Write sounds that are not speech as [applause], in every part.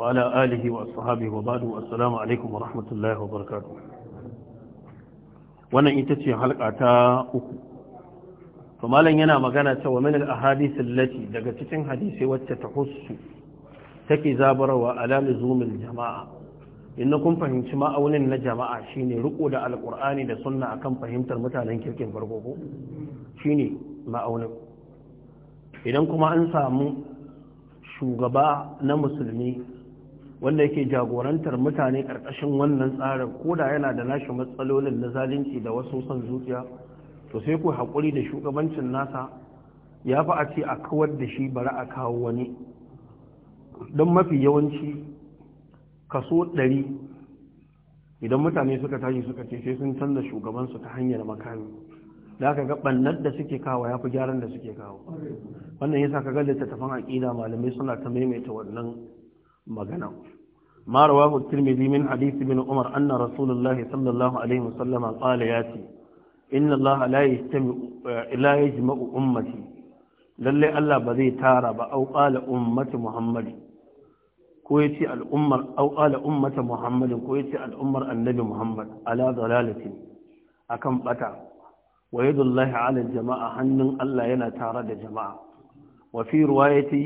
وعلى آله وأصحابه وبعد والسلام عليكم ورحمة الله وبركاته wannan ita ce halka ta uku to malam yana magana cewa min al-ahadith allati daga cikin hadisi wacce ta hussu take zabarwa ala luzumil jama'a in kun fahimci ma'aunin na jama'a shine riƙo da alqur'ani da sunna akan fahimtar mutanen kirkin farko ko shine ma'aunin idan kuma an samu shugaba na musulmi wanda yake jagorantar mutane ƙarƙashin wannan tsarin ko da yana da nashi matsalolin na zalunci da wasu son zuciya to sai ku haƙuri da shugabancin nasa ya fi a ce a kawar da shi bari a kawo wani don mafi yawanci kaso ɗari idan mutane suka tashi suka ce sai sun canza shugabansu ta hanyar makami da aka ga ɓannar da suke kawo ya fi gyaran da suke kawo wannan yasa ka ga littattafan aƙida malamai suna ta maimaita wannan magana ما رواه الترمذي من حديث ابن عمر أن رسول الله صلى الله عليه وسلم قال ياتي إن الله لا يجتمع لا يجمع أمتي للي الله بذي تارب أو قال أمة محمد كويتي الأمة أو قال أمة محمد كويتي الأمة النبي محمد على ضلالة أكم بتع ويد الله على الجماعة حن الله ينا تارد جماعة وفي روايتي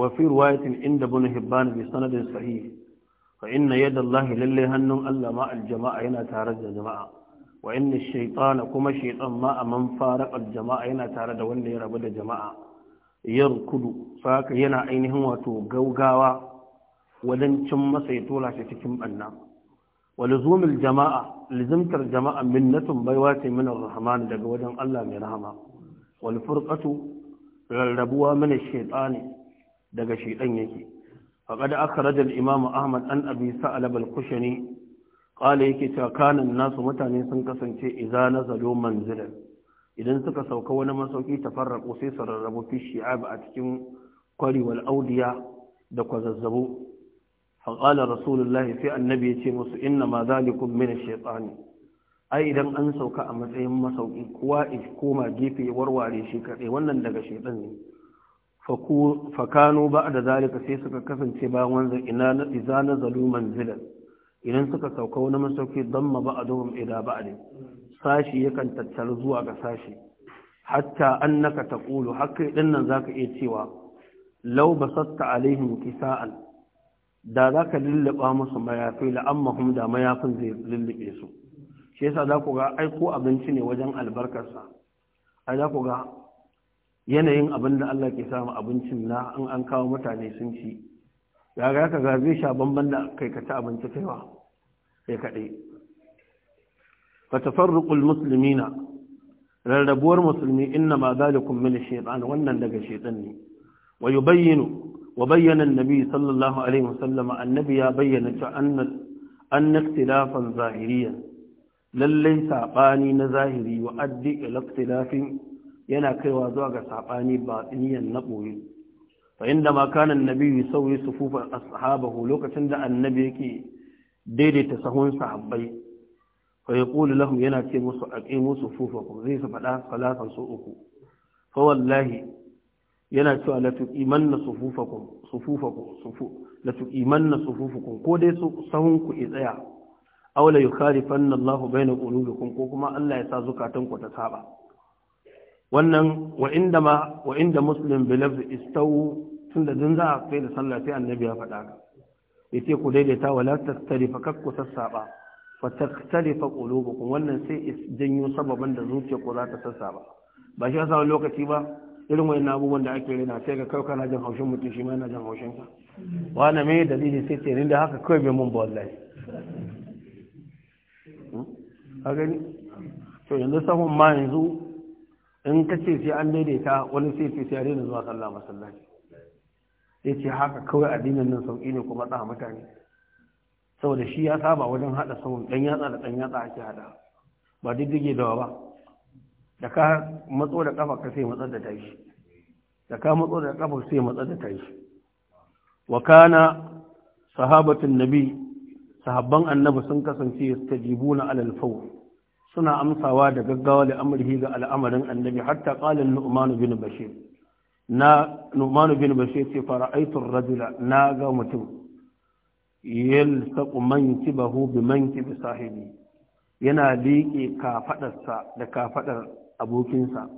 وفي رواية عند بن حبان بسند صحيح فإن يد الله للي هنم ألا ماء الجماعة هنا تارد جماعة وإن الشيطان كما شيطان ماء من فارق الجماعة هنا تارد وإن يربد جماعة يركض فاك ينا عينه وتو قوقاوا ولن تم سيطولا شتكم أنا ولزوم الجماعة لزمت الجماعة منة بيوات من الرحمن دقوجا ألا من رحمة والفرقة rarrabuwa mana ne daga shaitan yake faqad akhraja al-imam ahmad an abi sa'lab al-kushani qala yake cewa kanan nasu mutane sun kasance idza nazalu manzilan idan suka sauka wani masauki tafarraqu sai su rarrabu fi shi'ab a cikin kwari wal audiya da kwazazzabu فقال rasulullahi sai annabi ya ce musu inna ma ذلكم من ne. ai idan an sauka a matsayin masauki kuwa, is koma gefe warware shi kaɗai wannan daga shaidan ne fakano ba da zalika sai suka kasance bayan wanzu ina na iza na zaluman zilan idan suka sauka wani masauki don ma ba a domin ida ba a sashi yakan tattara zuwa ga sashi hatta annaka taqulu hakkai dinnan zaka iya cewa law basatta alaihim kisa'an da zaka lullaba musu mayafi la amma hum da mayafin zai lulluɓe su shi yasa za ku ga aiko abinci ne wajen albarkarsa ai za ku ga yanayin abin da Allah ke samu abincin na an an kawo mutane sun ci ya ga ka ga zai sha bamban da kai ka ci abinci kaiwa kai kaɗai fa musulmi na. rarrabuwar musulmi inna ma zalikum min shaytan wannan daga shaytan ne wa yubayyinu wa bayyana annabi sallallahu alaihi wasallam annabi ya bayyana ta anna an ikhtilafan zahiriyan lallai saɓani na zahiri wa addi ilaktilafin yana kaiwa zuwa ga saɓani ba niyan na ɓoye fa inda ma kana annabi sauyi sufufan ashabahu lokacin da annabi yake daidaita sahun sahabbai fa yaqulu lahum yana ce musu aqimu sufufakum zai su faɗa salatan su uku fa wallahi yana cewa la tuqimanna sufufakum sufufakum sufu la sufufakum ko dai sahun ku tsaya aw la yukhalifanna Allahu bayna qulubikum ko kuma Allah ya sa zukatan ku ta saba wannan wa inda ma wa inda muslim bi lafz istawu tunda dun za a kai da sallah sai annabi ya faɗa ka yace ku daidaita wala fa kakku sassaɓa fa taktarifa qulubukum wannan sai janyo sababan da ku za ta sassaɓa. ba shi yasa lokaci ba irin wani abubuwan da ake rina sai ga kawai kana jin haushin mutum shi ma yana jin haushin ka wani mai dalili sai ce da haka kawai bai mun ba wallahi a gani to yanzu sahun ma yanzu in ka ce sai an daidaita wani sai ce sai a daina zuwa sallah masallaci ya ce haka kawai addinin nan sauƙi ne kuma matsa mutane saboda shi ya saba wajen haɗa sahun ɗan yatsa da ɗan yatsa ake haɗa ba diddige dawa ba da ka matso da ƙafa ka sai matsar da tashi da ka matso da ƙafa sai matsar da tashi wa kana sahabatun nabi sahabban annabi sun kasance jibu na alalfau. suna amsawa da gaggawa da amrihi ga al'amarin annabi hatta qala nu'man bin bashir na nu'man bin bashir ce fara'aytu ar-rajula na ga mutum yalsaqu bahu bi mankib sahibi yana liƙe kafaɗarsa da kafaɗar abokinsa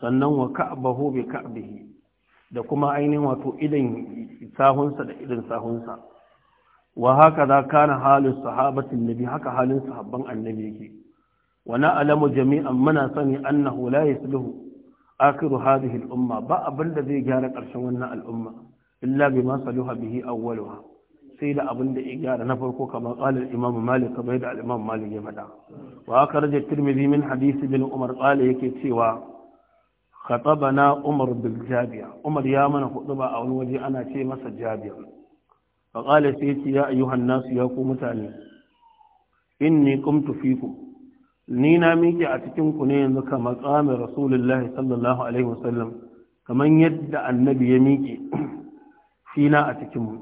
sannan wa ka'bahu bi ka'bihi da kuma ainihin wato idan sahunsa da idan sahunsa wa haka za na halin sahabatin nabi haka halin sahabban annabi yake wa alamu jami'an muna sani annahu la yasluhu akhiru hadhihi al-umma ba abin da zai gyara ƙarshen wannan al'umma illa bima saluha bihi awwaluha sai da abin da ya gyara na farko kamar qala imam malik kamar da imam malik ya faɗa wa haka raja tirmidhi min hadisi bin umar qala yake cewa khatabana umar bil jabiya umar ya mana hudu ba a wani waje ana ce masa jabiya Faƙale sai ce ya ayyuhan nasu ya ku mutane In inni qumtu fikum ni na miƙe a cikin ku ne yanzu kamar tsamin rasulullahi sallallahu alaihi wasallam kamar yadda annabi ya miƙe fina a cikin mu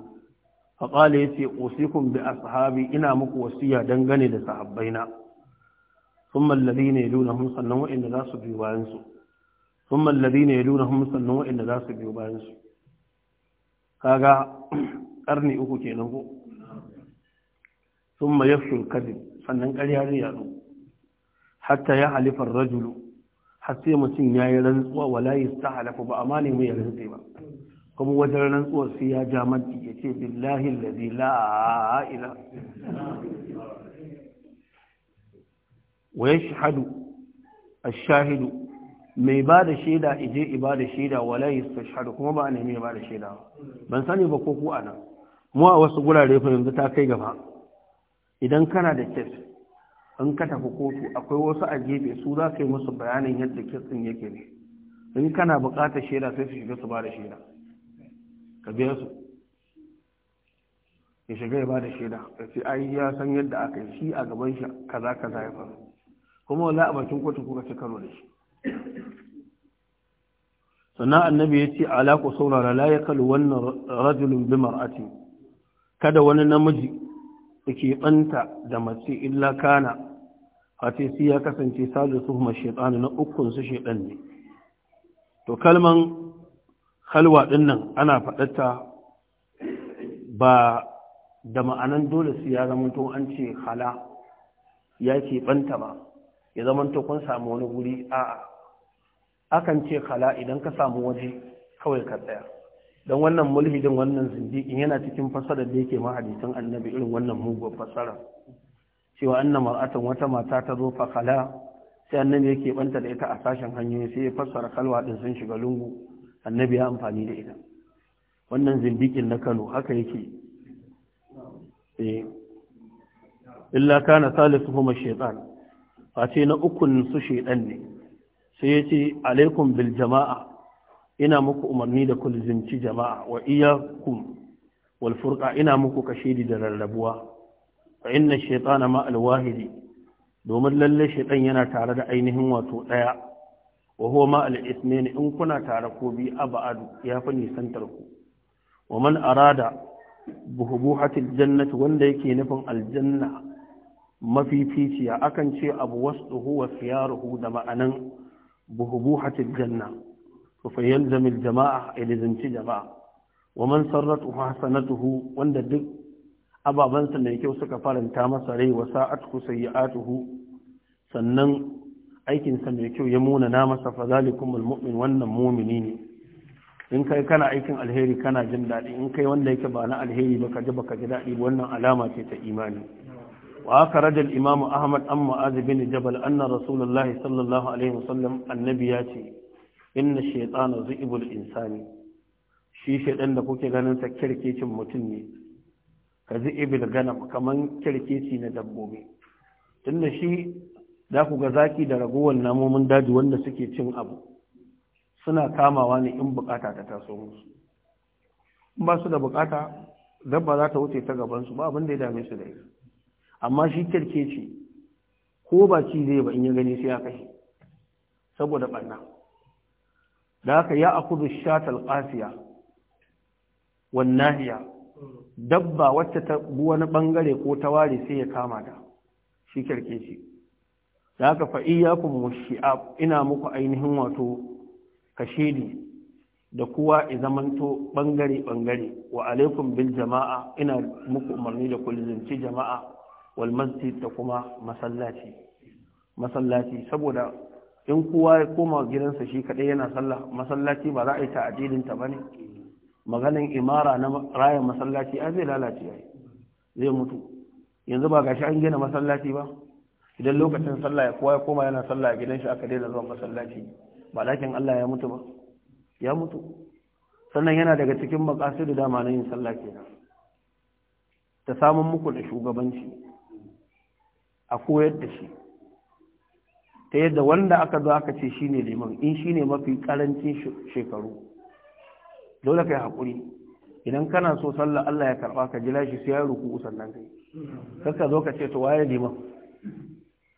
faƙala ya ce usikum bi ashabi ina muku wasiya dangane da sahabbaina sun mallabi ne lunahun sannan wa'inda za su biyo bayansu sun mallabi ne lunahun sannan wa'inda za su biyo bayansu kaga ƙarni uku kenan ko sun ma kadin. sannan ƙarya zai yaɗu hatta ya halifar rajulu hatta ya mutum ya yi rantsuwa wala ta halafa ba amma ne mai ya rantse ba kuma wajen rantsuwar sai ya ja manti ya ce billahi lazi la ila wa ya shahadu shahidu mai ba da shaida ije ibada bada shaida wala ta shahadu kuma ba a nemi ba da shaida ban sani ba ko ku nan. mu a wasu gurare fa yanzu ta kai gaba idan kana da kes in ka tafi kotu akwai wasu a gefe su za ka yi musu bayanin yadda kes din yake ne in kana buƙatar shaida sai su shiga su ba da shaida ka biya su ya shiga ya ba da shaida ya ce ai ya san yadda aka yi shi a gaban shi kaza kaza ya faru kuma wala a bakin kotu kuka ci karo da shi sannan annabi ya ce ala saurara la ya kalu wannan rajulun bi mar'ati kada wani namiji da ke ɓanta da mace illa kana ce sai ya kasance salisu kuma shaitanu na ukun su shaitan ne to kalman halwa ɗin nan ana faɗata ba da ma'anan dole su ya zama to an ce hala ya ke ɓanta ba ya zama to kun samu wani guri a'a akan ce hala idan ka samu waje kawai ka tsaya don wannan mulhidin wannan zindiƙin yana cikin fasarar da yake mahadisin annabi irin wannan mugun fasara cewa anna mar'atan wata mata ta zo fakala sai annabi yake banta da ita a sashen hanyoyi sai ya fassara kalwa din sun shiga lungu annabi ya amfani da ita wannan zindiƙin na Kano haka yake eh illa kana salisuhum ash-shaytan face na ukun su shaytan ne sai yace alaikum bil jama'a ina muku umarni da kulzimci jama'a wa iyakum wal furqa ina muku kashidi da rarrabuwa fa inna shaytana ma al wahidi domin lalle shaytan yana tare da ainihin wato daya wa huwa ma al ithnain in kuna tare ko bi abadu ya fi nisantar ku wa man arada buhubuhatil jannati wanda yake nufin aljanna mafificiya akan ce abu wasu huwa siyaruhu da ma'anan buhubuhatil janna فيلزم الجماعة إلزم جماعة ومن سرته حسنته وند دك أبا بنس نيكي وسكا فارن تامس عليه وساعته سيئاته سنن أيكن سميكيو يمون نامس فذلكم المؤمن ون مؤمنين in kai kana aikin alheri kana jin daɗi in kai wanda yake ba na alheri ba ka ji baka ji daɗi wannan alama ce ta imani وأخرج الإمام أحمد أم معاذ بن جبل أن رسول الله صلى الله عليه وسلم النبي ياتي inna shaytana zu'ibul insani shi shaytan da kuke ganin sa kirkicin mutum ne ka zu'ibil gana kaman kirkici na dabbobi tunda shi za ku ga zaki da ragowar namomin daji wanda suke cin abu suna kamawa ne in bukata ta taso musu in ba su da bukata dabba za ta wuce ta gaban su, ba abin da ya dame su da ita amma shi kirkeci ko ba ci zai ba in ya gani sai ya kashe saboda ɓanna da haka ya akudu shatal qasiya wan nahiya dabba wacce ta bu wani bangare ko ta ware sai ya kama ta shi shi. da haka fa iyyakum shi'ab ina muku ainihin wato kashedi da kuwa izamanto bangare bangare wa alaikum bil jama'a ina muku umarni da kulzinci jama'a wal masjid da kuma masallaci masallaci saboda in kowa ya koma gidansa shi kaɗai yana sallah masallaci ba za a yi addinin ta bane maganin imara na rayan masallaci an zai lalace yayi zai mutu yanzu ba gashi an gina masallaci ba idan lokacin sallah ya kowa ya koma yana sallah a gidan shi aka daina zuwa masallaci ba lakin Allah ya mutu ba ya mutu sannan yana daga cikin makasidu dama na yin sallah kenan ta samun muku da shugabanci a koyar da shi ta yadda wanda aka zo aka ce shine liman in shine mafi karancin shekaru dole kai hakuri idan kana so sallah Allah ya karɓa ka jira shi sai ya ruku sannan kai kaka zo ka ce to waye liman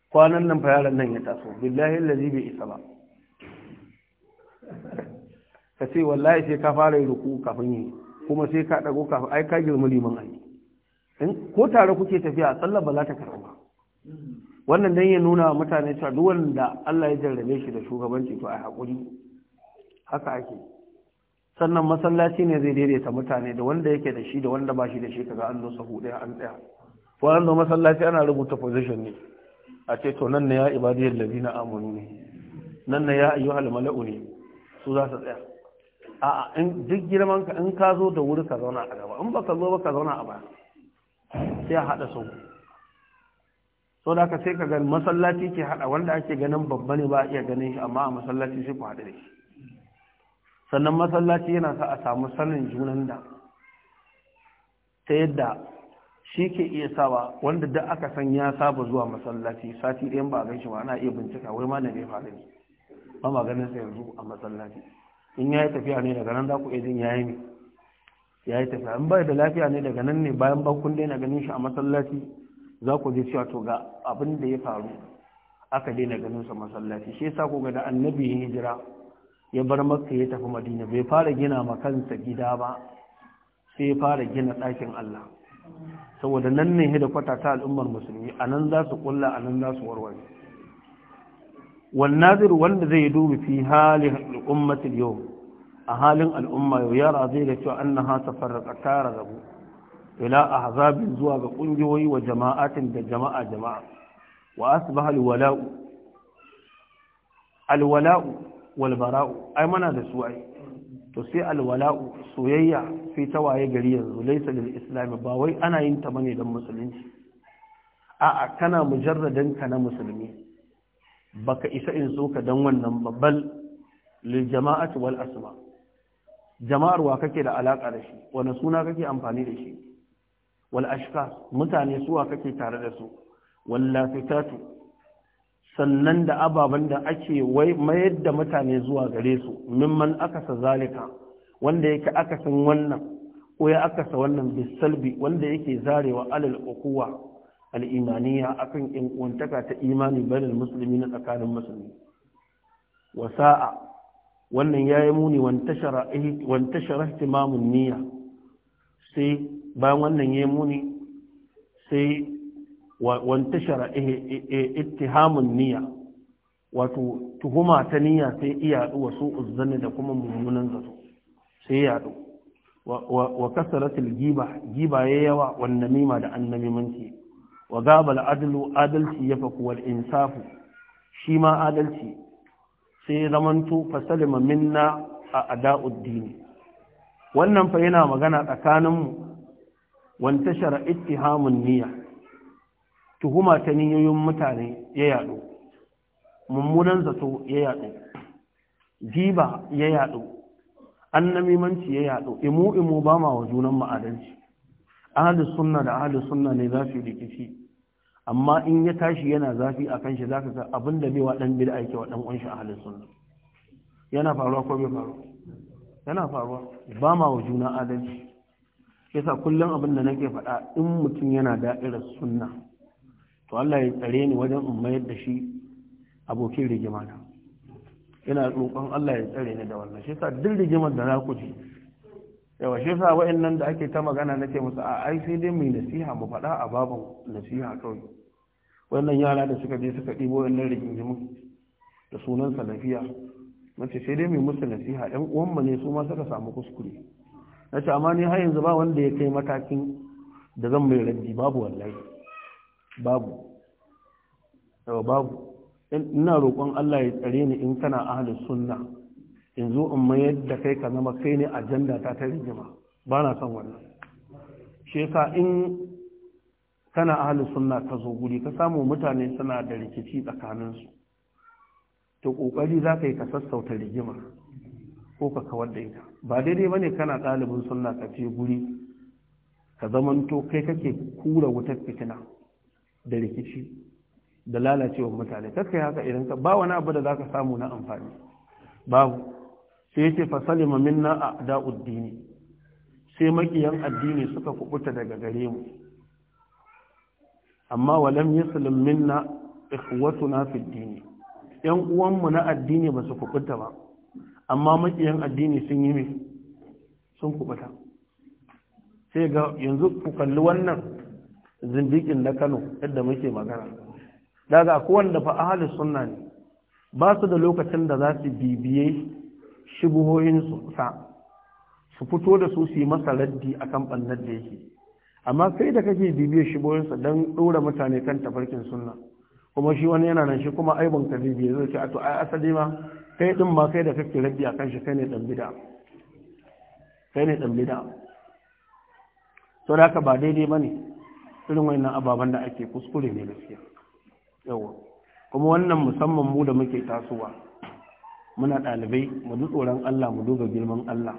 kwanan nan fa yaran nan ya taso billahi allazi bi isa ba [laughs] ka ce wallahi sai ka fara ruku kafin yi kuma sai ka dago kafin ai ka girma liman ai in ko tare kuke tafiya sallar ba za ta karɓa wannan dan ya nuna mutane cewa duk wanda Allah ya jarrabe shi da shugabanci to ai hakuri haka ake sannan masallaci ne zai daidaita mutane da wanda yake da shi da wanda ba shi da shi kaga an zo sahu daya an tsaya ko an zo masallaci ana rubuta position ne a ce to nan ne ya ibadiyyar ladina amanu ne nan ne ya ayyuhal mala'u ne su za su tsaya a in duk girman ka in ka zo da wuri ka zauna a gaba in baka zo ba ka zauna a baya sai a hada sahu so da ka sai ka gani masallaci ke hada wanda ake ganin babba ne ba a iya ganin shi amma a masallaci sai ku hada da shi sannan masallaci yana sa a samu sanin junan da ta yadda shi ke iya sawa wanda da aka san ya saba zuwa masallaci sati ɗayan ba a gan shi ba ana iya bincika wai ma na bai faru ne ba ma ganin sa yanzu a masallaci in ya yi tafiya ne daga nan za ku iya jin ya yi ne ya yi tafiya in bai da lafiya ne daga nan ne bayan kun daina ganin shi a masallaci za ku ji cewa to ga abin da ya faru aka daina ganin sa masallaci shi yasa ku ga da annabi ya hijira ya bar makka ya tafi madina bai fara gina ma kansa gida ba sai ya fara gina ɗakin Allah saboda nan ne da kwata ta al'ummar musulmi a nan za su kulla a nan za su warware والناظر wanda zai dubi fi halin al'ummatil yau a halin al'umma yau yara zai da cewa annaha tafarraqa tara rabu ila ahzabin zuwa ga ƙungiyoyi wa jama'atin da jama'a jama'a wa asbaha alwala'u alwala'u wal bara'u ai mana da su ai to sai alwala'u soyayya sai ta waye gari yanzu laysa lil islam ba wai ana yin ta bane dan musulunci a'a kana mujarradan ka na musulmi baka isa in so ka dan wannan babbal lil jama'ati wal asma' jama'ar wa kake da alaka da shi wani suna kake amfani da shi wal ashka mutane suwa kake tare da su wallafitatu sannan da ababen da ake mayar da mutane zuwa gare su mimman akasa zalika wanda yake akasin wannan ko ya akasa wannan bisalbi wanda yake zarewa alal ukuwa al'imaniya akan in uwantaka ta imani bainal musulmi na tsakanin musulmi wasa'a wannan yayi muni tashar eh, ihtimamun niyya sai bayan wannan ya muni sai wantashara eh, eh, eh, ittihamun niyya wato tuhuma ta niyya sai iya yadu wasu uzzani da kuma mummunan zato sai yadu wa kasaratul giba giba ya yawa wannan da annamimanci wa gabal adlu adalci ya faku wal insafu shi ma adalci sai zamanto fasalima minna a ada'uddini wannan fa yana magana tsakaninmu wantashara ittihamun niyya tuhuma ta niyoyin mutane ya yaɗu mummunan zato ya yaɗu jiba ya yaɗu annamimanci ya yaɗu imu imu ba ma wa junan ma'adanci ahalus sunna da ahalus sunna ne za su rikici amma in ya tashi yana zafi a kan shi za ka ga abin da bai wa ɗan bida aiki wa ɗan ƙunshi a halin sunna yana faruwa ko bai faruwa yana faruwa ba ma wa juna adalci yasa kullum abin da nake faɗa in mutum yana da'irar sunna to Allah ya tsare ni wajen in mayar da shi abokin rigima na ina roƙon Allah ya tsare ni da wannan shi yasa duk rigimar da na ku yawa shi yasa wa'annan da ake ta magana na ce musu a ai sai dai mai nasiha mu faɗa a babu nasiha kawai wannan yara da suka je suka ɗibo wannan rigima da sunan salafiya mace sai dai mai musu nasiha ɗan uwanmu ne su ma suka samu kuskure ya ce amma ni har yanzu ba wanda ya kai matakin da zan mai raddi babu wallahi babu yau babu ina roƙon Allah ya tsare ni in kana ahli sunna in in mayar da kai ka zama kai ne ajanda ta ta rigima ba na son wannan shi yasa in kana ahli sunna ka zo guri ka samu mutane suna da rikici tsakaninsu to kokari za ka yi ka sassauta rigima ko ka kawar da ita ba daidai bane kana ɗalibin sunna ka fi guri ka zamanto kai kake kura wutar fitina da rikici da lalacewar mutane kakai haka idan ka ba wani abu da zaka samu na amfani babu sai yace fa salima minna a'da'uddini sai makiyan addini suka kubuta daga gare mu amma walam yaslim minna ikhwatuna fi ddini yan uwanmu na addini ba su kubuta ba amma makiyan addini sun yi mai sun kubata sai ga yanzu ku kalli wannan zindikin na kano yadda muke magana daga kowanda fa ahalus sunna ne ba su da lokacin da za su bibiye shubuhohin su sa su fito da su su yi masa raddi akan bannar da yake amma sai da kake bibiye shubuhohin sa dan dora mutane kan tafarkin sunna kuma shi wani yana nan shi kuma aibin ka bibiye zai ce a to ai asali ma kai din ma kai da kake rabbi a kan shi kai ne dan bid'a kai ne dan bid'a to da ka ba daidai bane irin wannan ababen da ake kuskure ne gaskiya yawa kuma wannan musamman mu da muke tasowa muna ɗalibai mu ji tsoron Allah mu duba girman Allah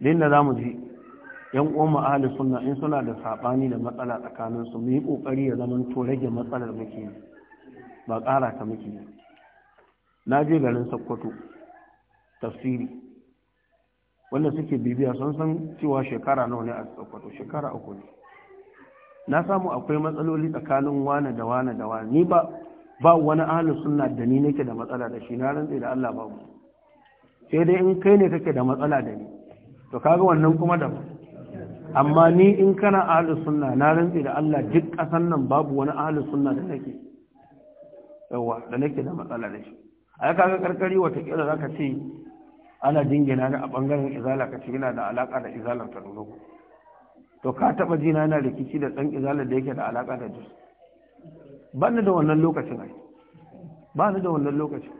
da zamu ji yan uwan mu ahli sunna in suna da sabani da matsala tsakanin su mu yi kokari ya zaman to rage matsalar muke ba ƙara ta muke na je garin sakkwato tafsiri wanda suke bibiya sun san cewa shekara nawa ne a sakkwato shekara uku ne na samu akwai matsaloli tsakanin wane da wane da wane ni ba ba wani ahlus sunna da ni nake da matsala da shi na rantsi da Allah babu sai dai in kai ne kake da matsala da ni to kaga wannan kuma da amma ni in kana ahlus sunna na rantsi da Allah duk kasan nan babu wani ahlus sunna da nake yawa da nake da matsala da shi ai kaga karkari wata za ka ce ana jingina ga a bangaren izala ka ce yana da alaka da izalar Kaduna to ka taba jina yana rikici da dan izalar da yake da alaka da Jos ba ni da wannan lokacin ai ba ni da wannan lokacin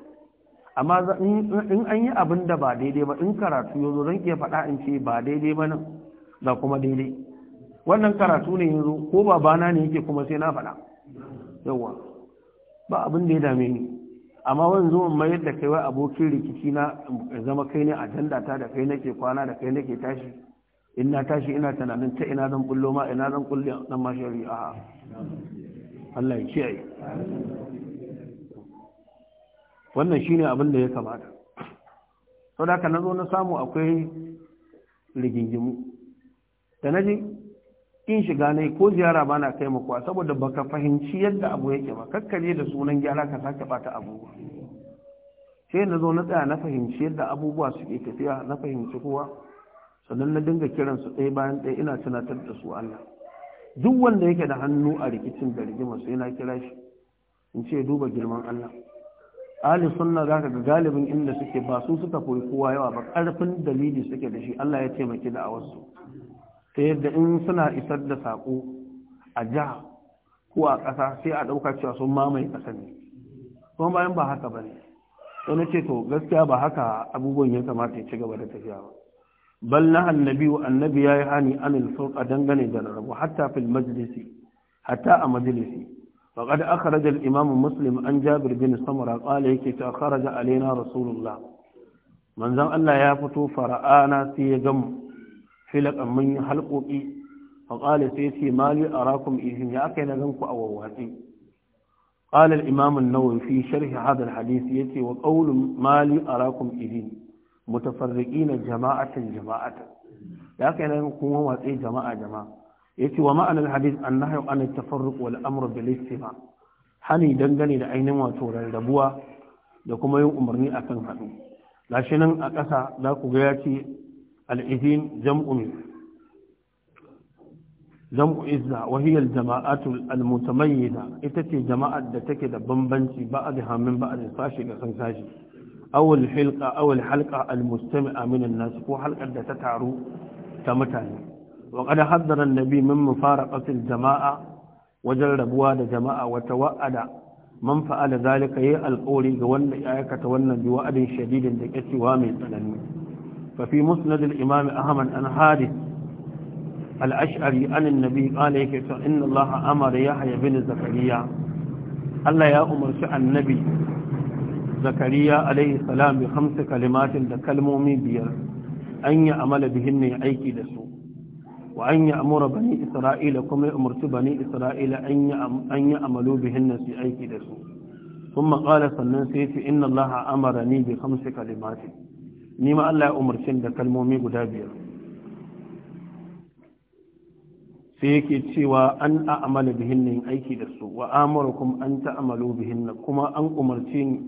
amma in an yi abin da ba daidai ba in karatu ya zo, zan iya faɗa in ce ba daidai ba nan da kuma daidai wannan karatu ne yanzu ko babana ne yake kuma sai na faɗa yawa ba abin da ya dame ni amma wani zo mayar da kai wa abokin rikici na zama kai ne ajanda ta da kai nake kwana da kai nake tashi in na tashi ina tunanin ta ina zan bullo ma ina zan kulle dan ma shari'a Allah ya kiyaye wannan shine abin da ya kamata saboda haka na zo na samu akwai rigingimu da naji in shiga ne ko ziyara ba na kai makuwa saboda baka fahimci yadda abu yake ba kakkare da sunan gyara ka sake bata abu sai na zo na tsaya na fahimci yadda abubuwa suke tafiya na fahimci kowa sannan na dinga kiransu ɗaya bayan ɗaya ina tunatar da su Allah duk wanda yake da hannu a rikicin da rigima sai na kira shi in ce duba girman Allah ahli sunna ka ga galibin inda suke ba su suka koyi kowa yawa ba karfin dalili suke da shi Allah ya taimaki da awarsu ta yadda in suna isar da saƙo a jiha ko a ƙasa sai a ɗauka cewa sun mamaye ƙasa ne kuma bayan ba haka ba ne wani ce to gaskiya ba haka abubuwan ya kamata ya ci gaba da tafiya ba bal na annabi wa annabi ya yi hani anil a dangane da rarrabu hatta fil majlisi hatta a majlisi muslim an jabir مسلم عن جابر بن ta قال يكي alaina rasulullah رسول allah ya fito fara'ana sai ya gamu Filak a manyan halƙoƙi faƙali sai ce mali a rakun izin ya aka yi na ganku a wawwatsi قال الإمام النووي في شرح هذا الحديث يتي وقول مالي أراكم إذن متفرقين جماعة جماعة لكن يكون هو جماعة جماعة يتي ومعنى الحديث النهي عن التفرق والأمر بالاستماع hani dangane da ainihin wato rarrabuwa da kuma yin umarni a kan haɗu gashi nan a ƙasa za ku ga ya ce al'izin jam'u jam'u izza wahiyar jama'atul da ita ce jama'ar da take da bambanci ba a hamin ba a da sashi ga san sashi awul hilka awul halka almustami'a minan nasu ko halkar da ta taru ta mutane wa qad haddara annabi min mufaraqatil jama'a wajen rabuwa da jama'a wata wa'ada man da zalika yayi alƙawari ga wanda ya aikata wannan bi wa'adin shadidin da kacewa mai tsanani ففي مسند الإمام أحمد أن حادث الأشعري عن النبي قال يكيس إن الله أمر يحيى بن زكريا الله يا أمر شاء النبي زكريا عليه السلام بخمس كلمات تكلموا بير أن يعمل بهن أيكي لسوء وأن يأمر بني إسرائيل كما أمرت بني إسرائيل أن يعملوا بهن في أيكي لسوء ثم قال صلى الله عليه وسلم إن الله أمرني بخمس كلمات ni ma Allah ya umarci da kalmomi guda biyar sai yake cewa an a'amala bihin yin aiki da su wa amurakum an ta'amalu bihin kuma an umarci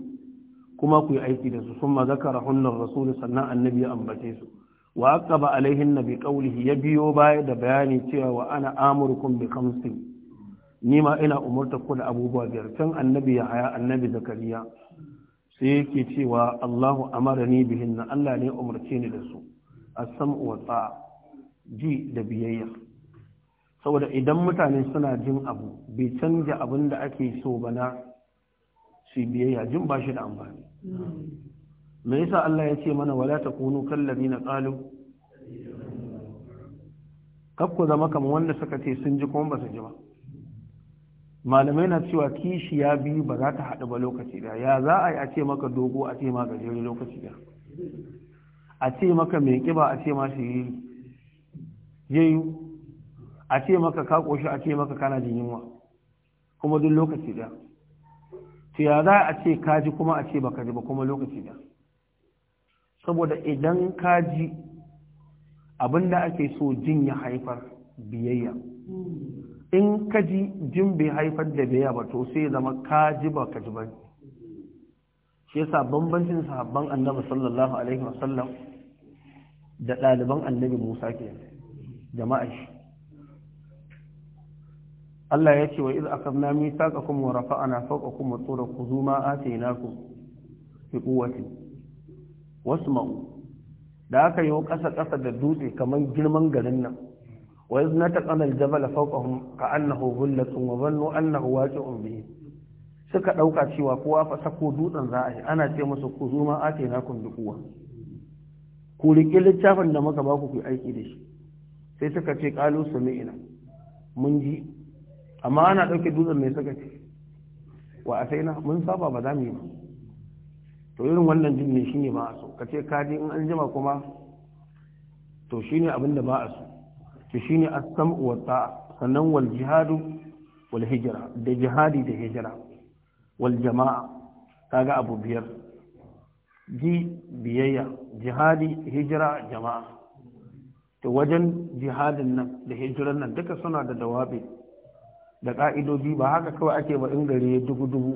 kuma ku yi aiki da su sun mazakara hunnar rasul sannan annabi ya ambace su wa aqaba alaihin nabi qawlihi ya biyo baya da bayani cewa wa ana amurukum bi khamsin ni ma ina umurta ku da abubuwa biyar can annabi ya haya annabi zakariya sai yake cewa Allahu amarani bihin na Allah ne umarce ni da su asam wa watsa ji da biyayya saboda idan mutane suna jin abu bai canja abin da ake so ba na su biyayya jin ba shi da amfani me yasa Allah ya ce mana wala takunu na qalu kakku zama kamar wanda suka ce sun ji kuma ba su ji ba malamai na cewa kishi ya biyu ba za ta haɗu ba lokaci da ya za a yi a ce maka dogo a ce ma gajere lokaci da a ce maka mai ƙiba a ce ma shi yi yayu a ce maka ka ƙoshi a ce maka kana jin yunwa kuma duk lokaci da to ya za a ce ka ji kuma a ce baka ji ba kuma lokaci da saboda idan ka ji abinda ake so jin ya haifar biyayya in ka ji jin bai haifar da biya ba to sai zama ka ji ba ka ji ba shi yasa bambancin sahabban annabi sallallahu alaihi wasallam da ɗaliban annabi Musa ke jama'a shi Allah ya ce wa iz akamna mithaqakum wa rafa'na fawqakum at-tura khudhu ma ataynakum bi quwwatin wasma'u da aka yi ƙasa ƙasa da dutse kamar girman garin nan wa iz nataqana al-jabala fawqahum ka'annahu dhullatun wa dhannu annahu waqi'un bihim suka ɗauka cewa kowa fa sako dutsen za a yi ana ce musu ku zo ma na kun dukuwa ku riƙe littafin da muka ba ku ku aiki da shi sai suka ce qalu sami'na mun ji amma ana ɗauke dutsen mai suka ce wa na mun saba ba za mu yi ba to irin wannan jin ne shine ba a so ka ce kaji in an jima kuma to shine abin da ba a so shi shine as-sam'u wa ta'a sannan wal jihadu wal hijra da jihadi da hijra wal jama'a kaga abu biyar ji biyayya jihadi hijira, jama'a to wajen jihadin nan da hijiran nan duka suna da dawabi da ka'idoji ba haka kawai ake ba in gari dubu dubu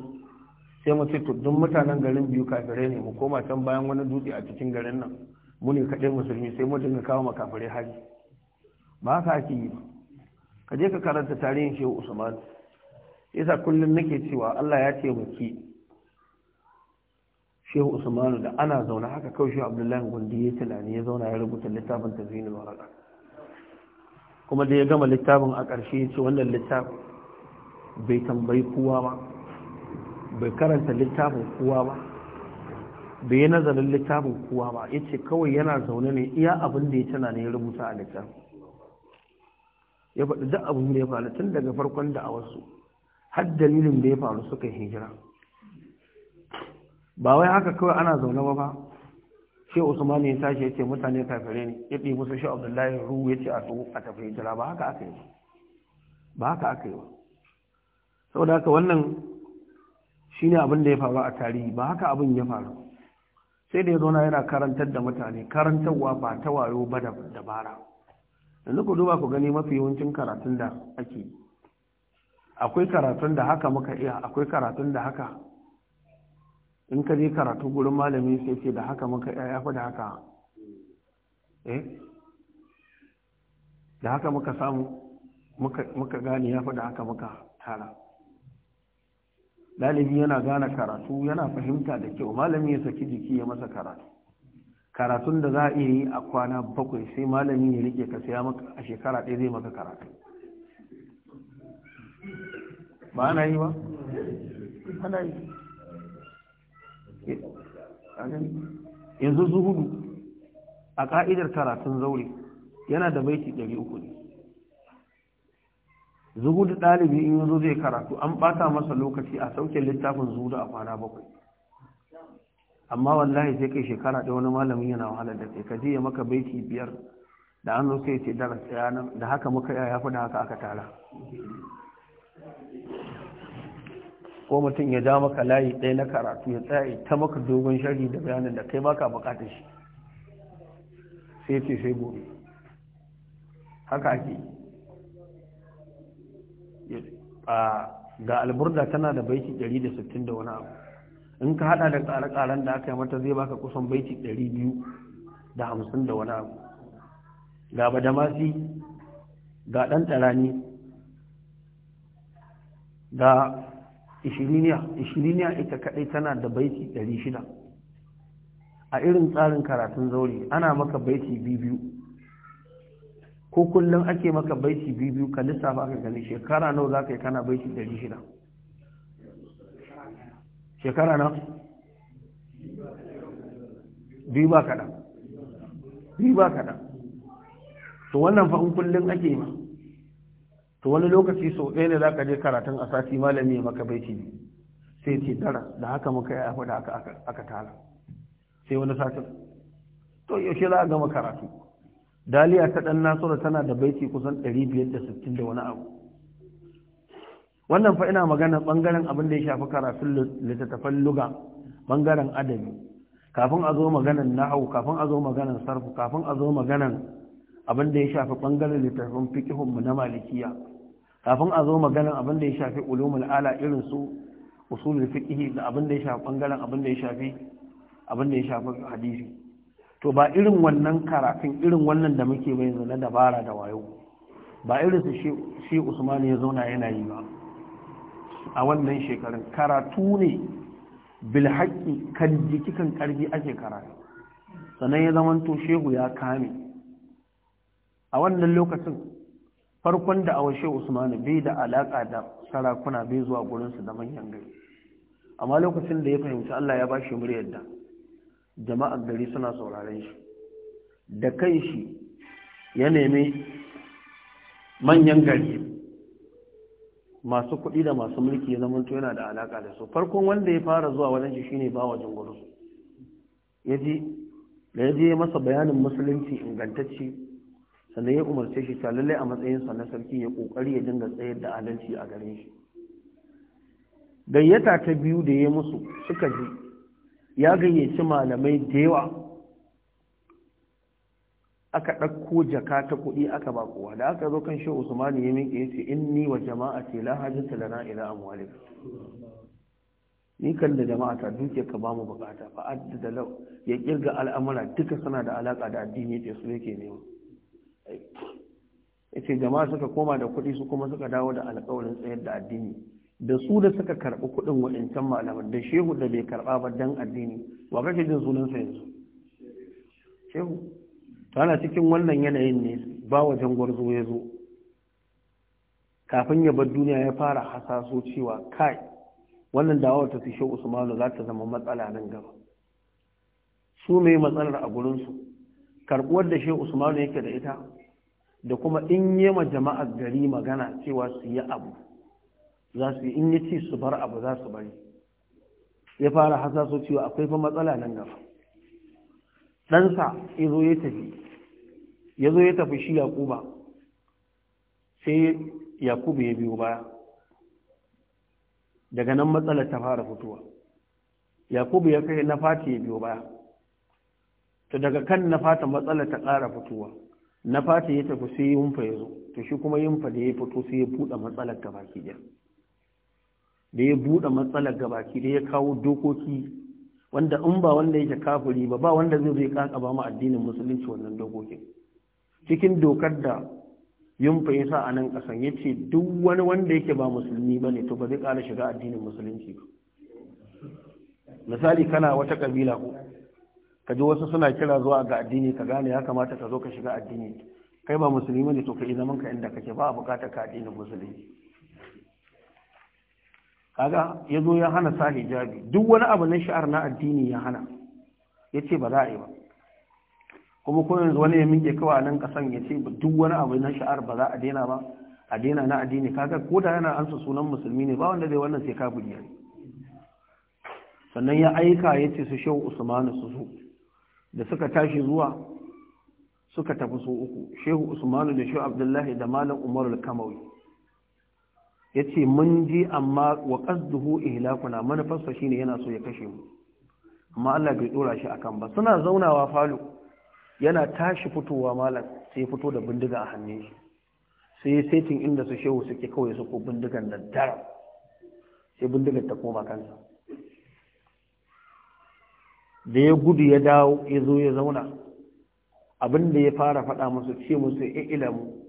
sai mu ce duk mutanen garin biyu kafirai ne mu koma can bayan wani dutse a cikin garin nan mu ne kaɗai musulmi sai mu dinga kawo makafirai hari ba sa ake yi ba. ka je ka karanta tarihin shehu usman yasa kullum nake cewa Allah ya ce muke shehu usman da ana zaune haka kawai shehu abdullahi gundi ya tunani ya zauna ya rubuta littafin tazwinul waraka kuma da ya gama littafin a ƙarshe ya ce wannan littafin bai tambayi kowa ba bai karanta littafin kowa ba bai yi nazarin littafin kowa ba ya ce kawai yana zaune ne iya abin da ya tana ne ya rubuta a littafin ya faɗi duk abin da ya faru tun daga farkon da'awarsu har dalilin da ya faru suka hijira ba wai haka kawai ana zaune ba ba Shi usman ya tashi ya ce mutane kafire ne ya ɗi musu shi abdullahi ruhu ya ce a tsohu a tafi hijira ba haka aka yi ba Ba haka aka yi ba saboda haka wannan shi ne abin da ya faru a tarihi ba haka abin ya faru sai da ya zauna yana karantar da mutane karantarwa ba ta wayo ba da dabara yanzu ku duba ku gani mafi yawancin karatun da ake akwai karatun da haka muka iya akwai karatun da haka in ka je karatu gurin malami sai ce da haka muka iya ya fi da haka eh da haka muka samu muka gane ya fi da haka muka tara ɗalibi yana gane karatu yana fahimta da kyau malami ya saki jiki ya masa karatu karatun da za a iya yi a kwana bakwai sai malami ya rike ka saya maka a shekara ɗaya zai maka karatu ba ana yi ba ana yi yanzu zuhudu a ƙa'idar karatun zaure yana da baiti ɗari uku ne zuhudu ɗalibi in yanzu zai karatu an ɓata masa lokaci a saukin littafin zuhudu a kwana bakwai amma wallahi sai kai shekara da wani malamin yana wahalar da kai ka je ya maka baiti biyar da an zo sai ce darasa da haka muka ya yafi da haka aka tara ko mutum ya ja maka layi ɗaya na karatu ya tsaye ta maka dogon shari da bayanin da kai baka bukatar shi sai ce sai gobe haka ake ga alburda tana da baiti 160 da wani abu in ka hada da ƙare da aka yi mata zai baka kusan baiti ɗari biyu da hamsin da wani abu ga badamasi ga ɗan tarani ga ishiriniya ishiriniya ita kaɗai tana da baiti ɗari shida a irin tsarin karatun zaure ana maka baiti biyu ko kullum ake maka baiti biyu ka lissafa ka gani shekara nawa za ka yi kana baiti ɗari shida shekara na biyu ba kaɗan biyu ba kaɗan to wannan fa'in kullum ake ma to wani lokaci sau ɗaya ne za ka je karatun a sati malami ya maka baiti ne sai ce tara da haka muka yi abu da aka tara sai wani satin to yaushe za a gama karatu daliya ta ɗan nasura tana da baiti kusan 560 da wani abu wannan fa ina magana bangaren abin da ya shafi karatun littattafan luga bangaren adabi kafin a zo maganan na'au kafin a zo maganan sarfu kafin a zo maganan abin da ya shafi bangaren littattafan fikihun mu na malikiya kafin a zo maganan abin da ya shafi ulumul ala irin su usulul fiqh da abin da ya shafi bangaren abin da ya shafi abin da ya shafi hadisi to ba irin wannan karatun irin wannan da muke bai yanzu na dabara da wayo ba irin su shi Usman ya zauna yana yi ba a wannan shekarun karatu ne bil haƙƙi kan jikikan ƙarfi ake karatu sannan ya to shehu ya kame a wannan lokacin farkon da awon shehu usmanu bai da alaƙa da sarakuna bai zuwa gurinsu da manyan gari amma lokacin da ya fahimci allah ya ba shi muryar da jama'ar gari suna sauraren shi da kai shi ya nemi manyan gari masu kuɗi da masu mulki ya zama yana da alaƙa da su farkon wanda ya fara zuwa wajen shi shine ba wajen gudu ya da ya je masa bayanin musulunci ingantacce sannan ya umarce shi ta lallai a matsayin sa na sarki ya kokari ya dinga tsayar da adalci a garin shi gayyata ta biyu da ya musu suka ji ya gayyaci malamai da yawa aka ɗauko jaka ta kuɗi aka ba kowa da aka zo kan shehu usmani ya miƙe ya ce in ni wa jama'a ce la hajjata lana ila amwalik ni kan da jama'a ta duke ka ba mu bukata fa addada law ya kirga al'amura duka suna da alaka da addini ce su yake nema yace jama'a suka koma da kuɗi su kuma suka dawo da alƙawarin tsayar da addini da su da suka karɓi kuɗin waɗancan malaman da shehu da bai karɓa ba dan addini wa kake jin sunansa yanzu shehu ana cikin wannan yanayin ne ba wajen gwarzo ya zo kafin ya bar duniya ya fara hasaso cewa kai wannan dawowar ta fishe usmanu za ta zama matsala nan gaba su mai matsalar a gurinsu karbuwar da shehu usmanu yake da ita da kuma in yi ma jama'ar gari magana cewa su yi abu za su in yi ci su bar abu za su bari ya fara hasaso cewa akwai fa matsala nan gaba ɗansa izo ya tafi ya zo ya tafi shi Yakuba, sai yakuba ya biyo baya daga nan matsalar ta fara fitowa yakuba ya kai na fata ya biyo baya to daga kan na fata matsalar ta ƙara fitowa na fata ya tafi sai yunfa ya zo to shi kuma yunfa da ya fito sai ya buɗe matsalar ta baki da da ya buɗe matsalar gabaki da ya kawo dokoki wanda in ba wanda yake kafiri ba ba wanda zai zai kaka ba mu addinin musulunci wannan dokokin cikin dokar da yin fahimta a nan ƙasan ya ce duk wani wanda yake ba musulmi ba ne to ba zai ƙara shiga addinin musulunci ba misali kana wata kabila ko ka ji wasu suna kira zuwa ga addini ka gane ya kamata ka zo ka shiga addini kai ba musulmi ne to ka yi zaman ka inda kake ba a bukatar ka addinin musulunci. kaga ya zo ya hana sa hijabi duk wani abu na sha'ar na addini ya hana ya ce ba za a yi ba kuma ko yanzu wani ya minke kawai nan kasan ya ce duk wani abu na sha'ar ba za a daina ba a daina na addini kaga ko da yana ansa sunan musulmi ne ba wanda zai wannan sai ka ne sannan ya aika ya ce su shehu usmanu su zo da suka tashi zuwa suka tafi su uku shehu usmanu da shehu abdullahi da malam umaru al-kamawi ya ce mun ji amma wa qasduhu ihlakuna manufarsa shine yana so ya kashe mu amma Allah bai dora shi akan ba suna zaunawa falo yana tashi fitowa malam sai ya fito da bindiga a hannun shi sai ya setin inda su shehu suke kawai su ko bindigan da dara sai bindigar ta koma kansa da ya gudu ya dawo ya zo ya zauna abinda ya fara faɗa musu ce musu ya e, ilamu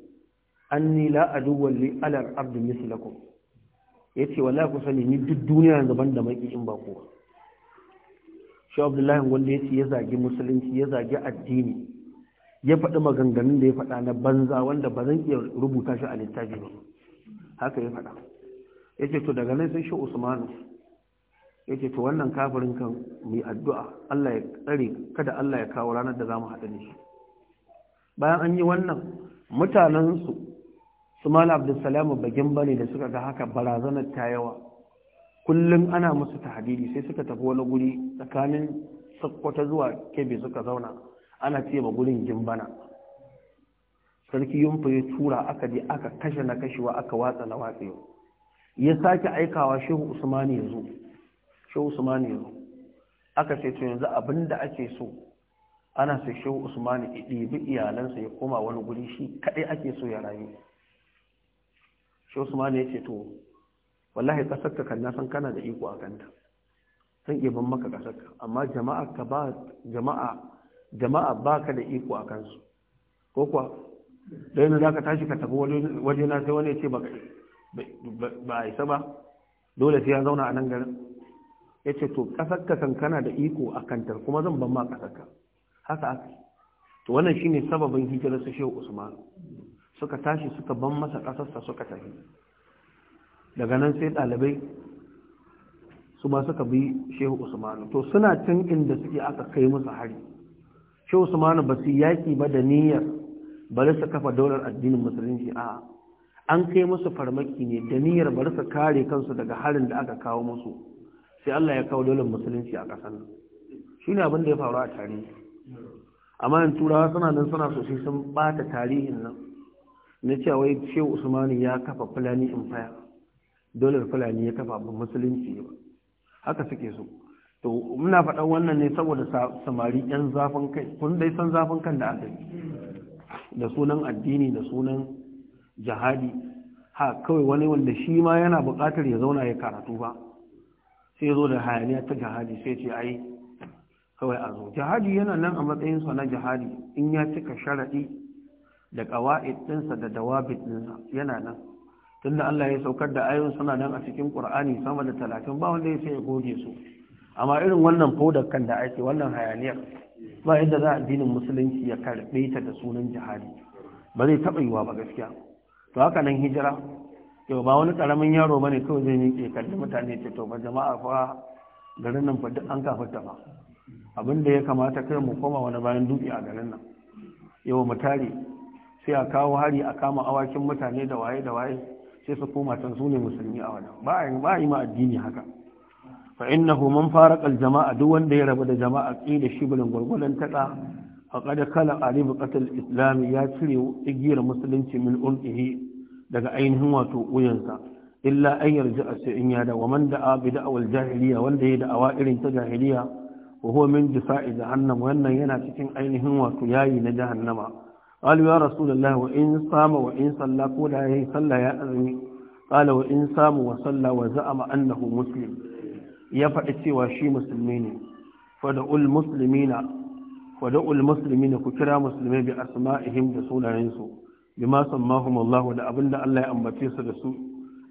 anni la aduwwan li alar abdu mislakum ce wallahi ku sani ni duk duniya zaban da maki in ba kowa shi abdullahi wanda ya ce ya zagi musulunci ya zagi addini ya faɗi maganganun da ya faɗa na banza wanda ba zan iya rubuta shi a littafi ba haka ya faɗa ya ce to daga nan sai shi usmanu ya ce to wannan kafirin kan mai addu'a allah ya tsare kada allah ya kawo ranar da za mu haɗu shi bayan an yi wannan mutanensu su mala abdulsalamu bagin bane da suka ga haka barazanar ta yawa kullum ana musu tahdidi sai suka tafi wani guri tsakanin sakkwata zuwa kebe suka zauna ana ce ma gurin gimbana sarki yunfa ya tura aka je aka kashe na kashewa aka watsa na watsewa ya sake aikawa shehu usmani ya zo shehu usmani ya zo aka ce to yanzu abin da ake so ana sai shehu usmani ya ɗibi iyalansa ya koma wani guri shi kaɗai ake so ya rayu shehu usmani ya ce to wallahi kasarka kan na san kana da iko a kanta san iya ban maka kasarka amma jama'a ba jama'a jama'a da iko a kansu ko kuwa dai yana za ka tashi ka tafi waje na sai wani ya ce ba a isa ba dole sai ya zauna a nan garin ya ce to kasarka kan kana da iko a kanta kuma zan ban ma kasarka haka aka to wannan shine sababin hijirar su shehu usman suka tashi suka ban masa kasarsa suka tafi daga nan sai dalibai su ma suka bi shehu usmanu to suna can inda suke aka kai musu hari shehu usmanu ba su yaƙi ba da niyyar bari su kafa daular addinin musulunci a an kai musu farmaki ne da niyyar bari su kare kansu daga harin da aka kawo musu sai Allah ya kawo daular musulunci a ƙasar nan shi ne abin da ya faru a tarihi amma in turawa suna nan suna sosai sun bata tarihin nan na cewa wai shehu usmanu ya kafa fulani empire dole fulani ya kafa ba musulunci ba haka suke so to muna faɗan wannan ne saboda samari yan zafin kai kun dai san zafin kan da aka yi da sunan addini da sunan jihadi ha kawai wani wanda shi ma yana buƙatar ya zauna ya karatu ba sai zo da hayaniya ta jihadi sai ce ai kawai a zo jihadi yana nan a matsayin sa na jihadi in ya cika sharaɗi da ƙawa'id ɗinsa da dawabit ɗinsa yana nan tunda Allah ya saukar da ayoyin suna nan a cikin Qur'ani sama da talatin ba wanda ya sai ya goge su amma irin wannan fodar kan da ake wannan hayaniyar ba yadda za addinin musulunci ya karbe ta da sunan jihadi ba zai taba yiwa ba gaskiya to haka nan hijira yau ba wani ƙaramin yaro bane kawai zai yi kalli mutane ce to ba jama'a fa garin nan fa duk an kafarta ba abin da ya kamata kai mu koma wani bayan dubi a garin nan yau mu tare sai a kawo hari a kama awakin mutane da waye da waye sai su koma can su ne musulmi a wajen. ba a yi ma addini haka fa innahu man farqa al jama'a duk wanda ya rabu da jama'a qila shibrin gurgulan taka faqad kala alib qatl islam ya cire igiyar musulunci min ulqihi daga ainihin wato uyansa illa an yarji a sai in ya da wa man da'a bi da'awal jahiliya wanda ya da'awa irin ta jahiliya wa huwa min jisa'i jahannam wannan yana cikin ainihin wato yayi na jahannama قالوا يا رسول الله وإن صام وإن صلى قول عليه صلى يا أزمي قال وإن صام وصلى وزعم أنه مسلم يفعل سوى شي مسلمين فدعوا المسلمين فدعوا المسلمين كترى مسلمين بأسمائهم رسول ينسو بما سماهم الله لأبن الله أنبتيس رسول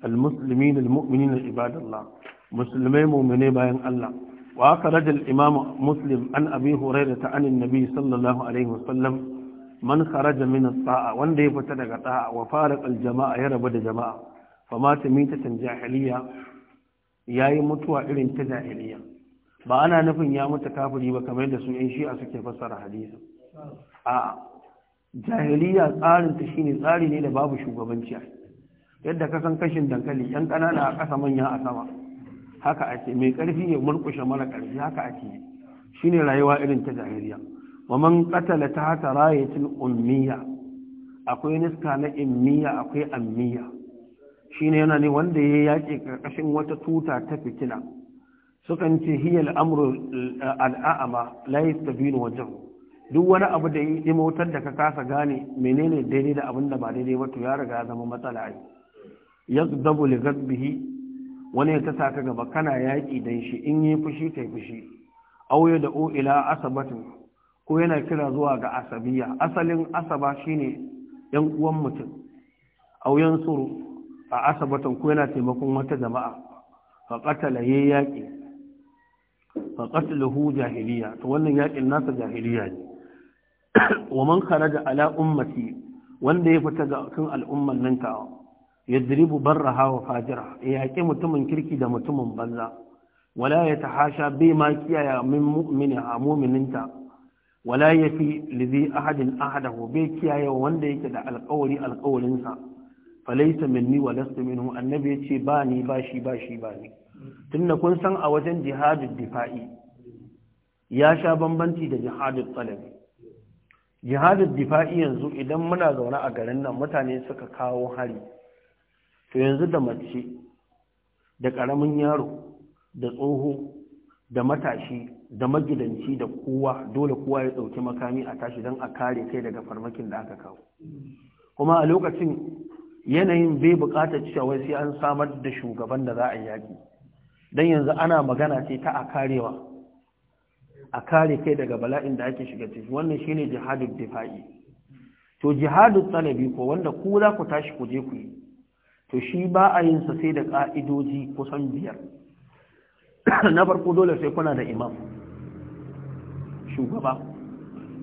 المسلمين المؤمنين عباد الله مسلمين مؤمنين بين الله وأخرج الإمام مسلم عن أبي هريرة عن النبي صلى الله عليه وسلم man kharaja min saa wanda ya fita daga sa'a wa fara al-jama'a ya rabu da jama'a fa mita mitatan jahiliya yayi mutuwa irin ta jahiliya ba ana nufin ya mutu kafiri ba kamar da su yan shi'a suke fassara hadisi a jahiliya tsarin ta shine tsari ne da babu shugabanci yadda ka san kashin dankali yan kanana a ƙasa manya a sama haka ake mai ƙarfi ya murkushe mara ƙarfi haka ake shine rayuwa irin ta jahiliya wa man qatala hata rayatil ummiya akwai niska na immiya akwai ammiya shine yana ne wanda ya yaƙi ƙarƙashin wata tuta ta fitina sukan ce hiya al'amru al'a'ama la yastabinu wajhu duk wani abu da ya motar da ka kasa gane menene daidai da abin da ba daidai ba to ya riga zama matsala ai yaghdabu li ghadbihi wani ya ta ka gaba kana yaƙi don shi in yi fushi kai fushi auye da ila asabatin ko yana kira zuwa ga asabiya asalin asaba shine yan uwan mutum wuyan suru a asabatan ko yana taimakon wata jama'a fa qatala yayi yaki fa qatluhu jahiliya to wannan yakin nasa jahiliya ne wa man kharaja ala ummati wanda ya fita ga kan al'umman nan ta yadribu barraha wa fajira yaki mutumin kirki da mutumin banza wala yatahasha bi ma kiyaya min mu'mini a mu'mininta wala yafi lidhi ahadin ahadahu bai kiyaye wanda yake da alƙawari alƙawarinsa falaita minni wa lasta minhu annabi yace ba ni ba shi ba shi ba ni tunda kun san a wajen jihadud difa'i ya sha bambanci da jihadud talabi jihadud difa'i yanzu idan muna zaune a garin nan mutane suka kawo hari to yanzu da mace da ƙaramin yaro da tsoho da matashi da magidanci da kowa dole kowa ya ɗauki makami a tashi don a kare kai daga farmakin da aka kawo kuma a lokacin yanayin bai bukatar cewa sai an samar da shugaban da za a yaki don yanzu ana magana ce ta a karewa a kare kai daga bala'in da ake shiga ciki wannan shine jihadun difa'i to jihadun talabi ko wanda ku za ku tashi ku je ku yi to shi ba a yin sa sai da ka'idoji kusan biyar [coughs] na farko dole sai kuna da imam shugaba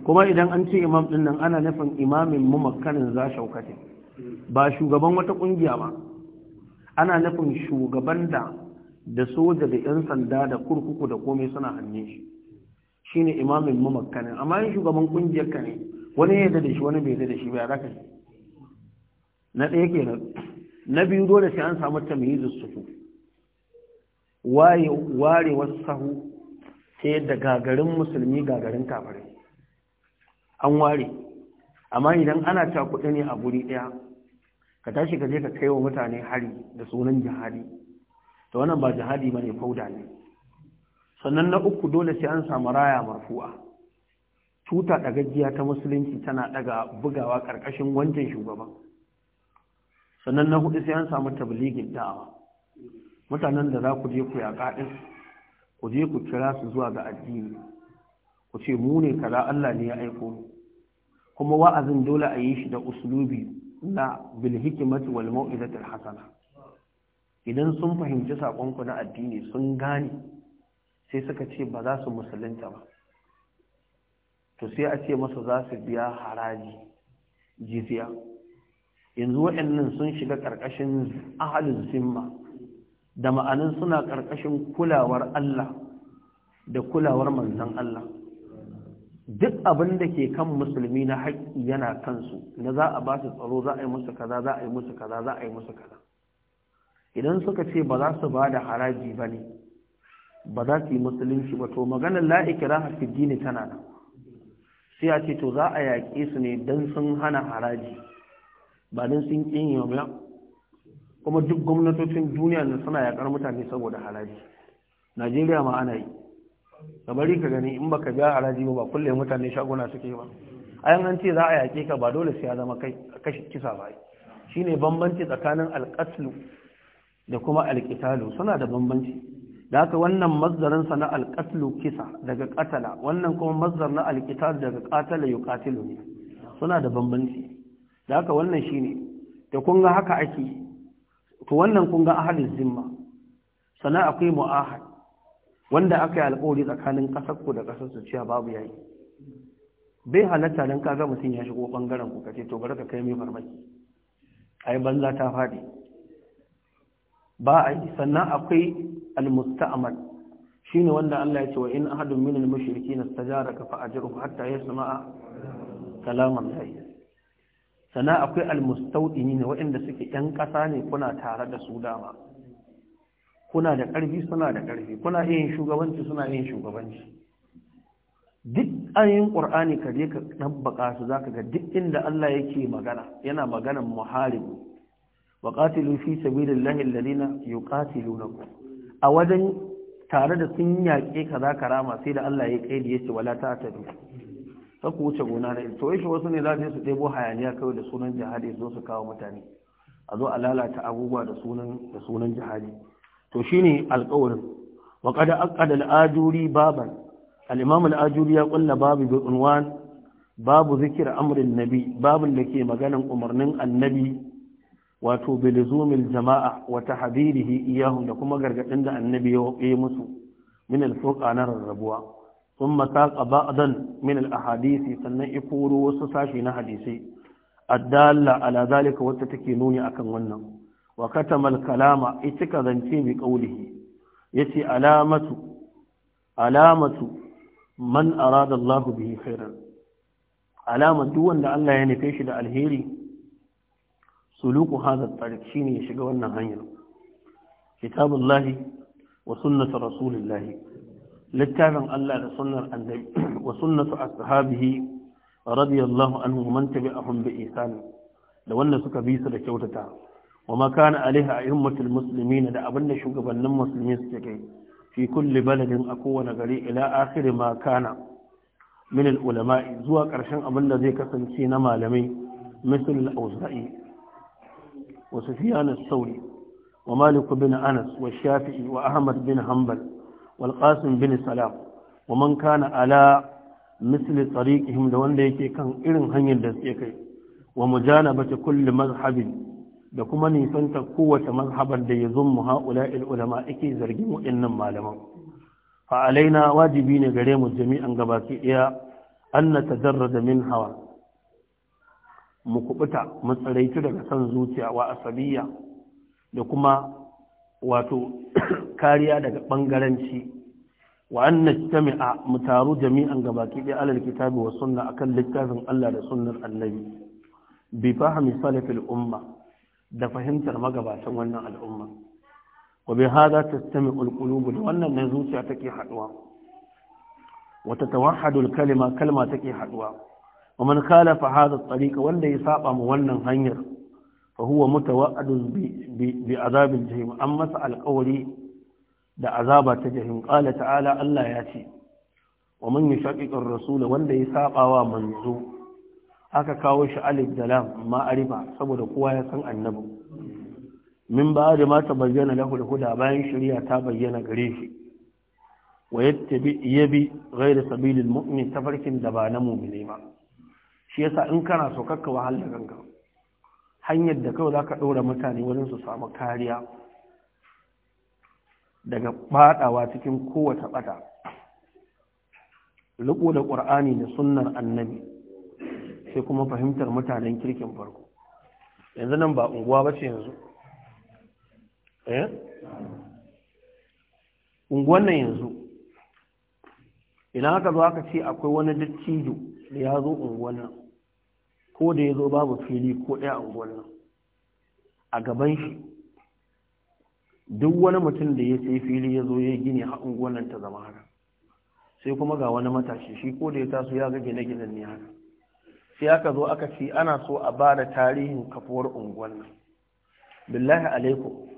kuma idan an ce imam din nan ana nufin imamin mu makkanin za shaukatin ba shugaban wata kungiya ba ana nufin shugaban da da soja da yan sanda da kurkuku da komai suna hannun shi shine imamin mu makkanin amma yin shugaban kungiyar ka ne wani ya da shi wani bai da shi ba zaka na ɗaya kenan na biyu dole sai an samu tamyizus sufu ware wasu sahu sai da gagarin musulmi gagarin kafirai an ware amma idan ana kuɗi ne a guri ɗaya ka tashi ka je ka kai wa mutane hari da sunan jihadi to wannan ba jihadi ba ne fauda ne sannan na uku dole sai an samu raya marfu'a tuta gajiya ta musulunci tana ɗaga bugawa ƙarƙashin wancan shugaban sannan na hudu sai an samu tabligin da'awa mutanen da za ku je ku yaƙa ɗin ku je ku kira su zuwa ga addini ku ce mu ne kaza Allah ne ya aiko mu kuma wa'azin dole a yi shi da uslubi na bil hikimati wal mau'izatil hasana idan sun fahimci ku na addini sun gane sai suka ce ba za su musulunta ba to sai a ce masa za su biya haraji jiziya. yanzu waɗannan sun shiga ƙarƙashin ahalin zimma da ma'anin suna ƙarƙashin kulawar Allah da kulawar manzan Allah duk abin da ke kan musulmi na haƙƙi yana kansu na za a ba su tsaro za a yi musu kaza za a yi musu kaza za a yi musu kaza idan suka ce ba za su ba da haraji ba ne ba za su yi musulunci ba to maganar la'ikira hafiji dini tana nan sai a ce to za a yaƙe su ne don sun hana haraji ba don sun ƙin yau kuma duk gwamnatocin duniya nan suna yakar mutane saboda haraji najeriya ma ana yi ka bari ka gani in baka biya haraji ba ba kulle mutane shaguna suke ba ayan an ce za a yaƙe ka ba dole sai ya zama kai kisa ba shine bambanci tsakanin alƙaslu da kuma alƙitalu suna da bambanci da haka wannan mazdarinsa na alƙatlu kisa daga ƙatala wannan kuma mazzar na alƙitalu daga ƙatala katilu ne suna da bambanci da haka wannan shine da kun ga haka ake to wannan kun ga ahadin zimma sana akwai mu'ahad wanda aka yi alƙawari tsakanin ƙasar ku da ƙasar su cewa babu yayi bai halatta dan kaga mutum ya shigo bangaren ku kace to bari ka kai mai farmaki ai banza ta fadi ba ai yi sannan akwai almusta'mal shine wanda Allah ya ce wa in ahadun minal mushrikeena ka fa ajruhu hatta yasma'a kalam Allah sana akwai almustaudini ne waɗanda suke ‘yan ƙasa ne kuna tare da su dama kuna da ƙarfi suna da ƙarfi kuna yin shugabanci suna yin shugabanci duk ayin ƙur'ani ka je ka dabbaka su za ga duk inda Allah yake magana yana maganan muharib wa qatilu fi sabilillahi alladhina yuqatilunakum a wajen tare da sun yaƙe ka za ka rama sai da Allah ya kaidi yace wala ta'tadu ku wuce gona da to yake wasu ne za su ɗebo hayaniya kawai da sunan jihadi zo su kawo mutane a zo a lalata abubuwa da sunan da sunan jihadi to shine alƙawarin wa qad aqada al-ajuri baban al-imam al-ajuri ya kulla babu bi unwan babu zikir amrin nabi babun da ke maganan umarnin annabi wato bi jama'a wa tahdirihi iyahum da kuma gargadin da annabi ya yi musu min al na rarrabuwa sun masaka ba'adan min al'ahadisi ahadisi sannan ikoro wasu sashi na hadisai Addala ala zalika wata take nuni akan wannan wa katama al-kalama itika zance bi Ya ce alamatu alamatu man arada Allah bihi khairan alama duk wanda Allah ya nufe shi da alheri suluku hadha tariq shine ya shiga wannan hanyar kitabullahi wa sunnatu rasulillahi littafin Allah da sunnar annabi wa sunnatu ashabihi radiyallahu anhu man tabi'ahum bi ihsan da wanda suka bi su da kyautata wa ma kana alaiha a'immatul muslimin da abinda shugabannin musulmi suke kai fi kulli baladin a kowane gari ila akhir ma kana min ulama'i. zuwa karshen abinda zai kasance na malamai misal al auza'i wa sufyan as-sawri anas wa shafi'i wa Ahmad bin حنبل والقاسم بن سلام ومن كان على مثل طريقهم da wanda yake kan irin hanyar da suke kai wa mujanabati kulli mazhabin da kuma nisanta kowace mazhabar da mu haula il ulama yake zargin waɗannan malaman fa alaina wajibi ne gare mu jami'an gabaki daya an natajarrada min hawa mu kubuta mu tsaraitu daga san zuciya wa asabiyya da kuma wato [coughs] kariya daga bangaranci wa an najtami'a mu taru jami'an gabaki da alal kitabi wa sunna akan littafin Allah da sunnar annabi bi fahmi salafil umma da fahimtar magabatan wannan al'umma wa bi hada tastami'u da wannan ne zuciya take haduwa wa tatawahhadu kalima kalma take haduwa wa man khalafa hada at-tariq wanda ya saba mu wannan hanyar fa huwa mutawa'adun bi azabil jahim an masa alƙawari da azaba ta jahim qala ta'ala Allah ya ce wa man yushaqiqu ar wanda ya saba wa manzo aka kawo shi alif da lam ma'arifa saboda kowa ya san annabi min ba da ma ta bayyana lahu huda bayan shari'a ta bayyana gare shi wa yattabi yabi ghayra sabilil mu'min tafarkin da ba na mu'mini ba shi yasa in kana so kakka wahala kanka hanyar da kawai za ka ɗora mutane wajen su samu kariya daga ɓaɗawa cikin kowace ɓata Luɓo da ƙur'ani da sunnar annabi sai kuma fahimtar mutanen kirkin farko yanzu nan ba unguwa ba ce yanzu eh unguwan nan yanzu Ina aka zo aka ce akwai wani dattijo da ya zo unguwan nan ko da ya zo babu fili ko ɗaya a unguwannin a gaban shi duk wani mutum da ya sai fili ya zo ya gini a unguwannin ta zama haka sai kuma ga wani matashi shi ko da ya taso ya ga gine-ginen ne haka sai aka zo aka ce ana so a ba da tarihin kafuwar unguwannin billahi alaikum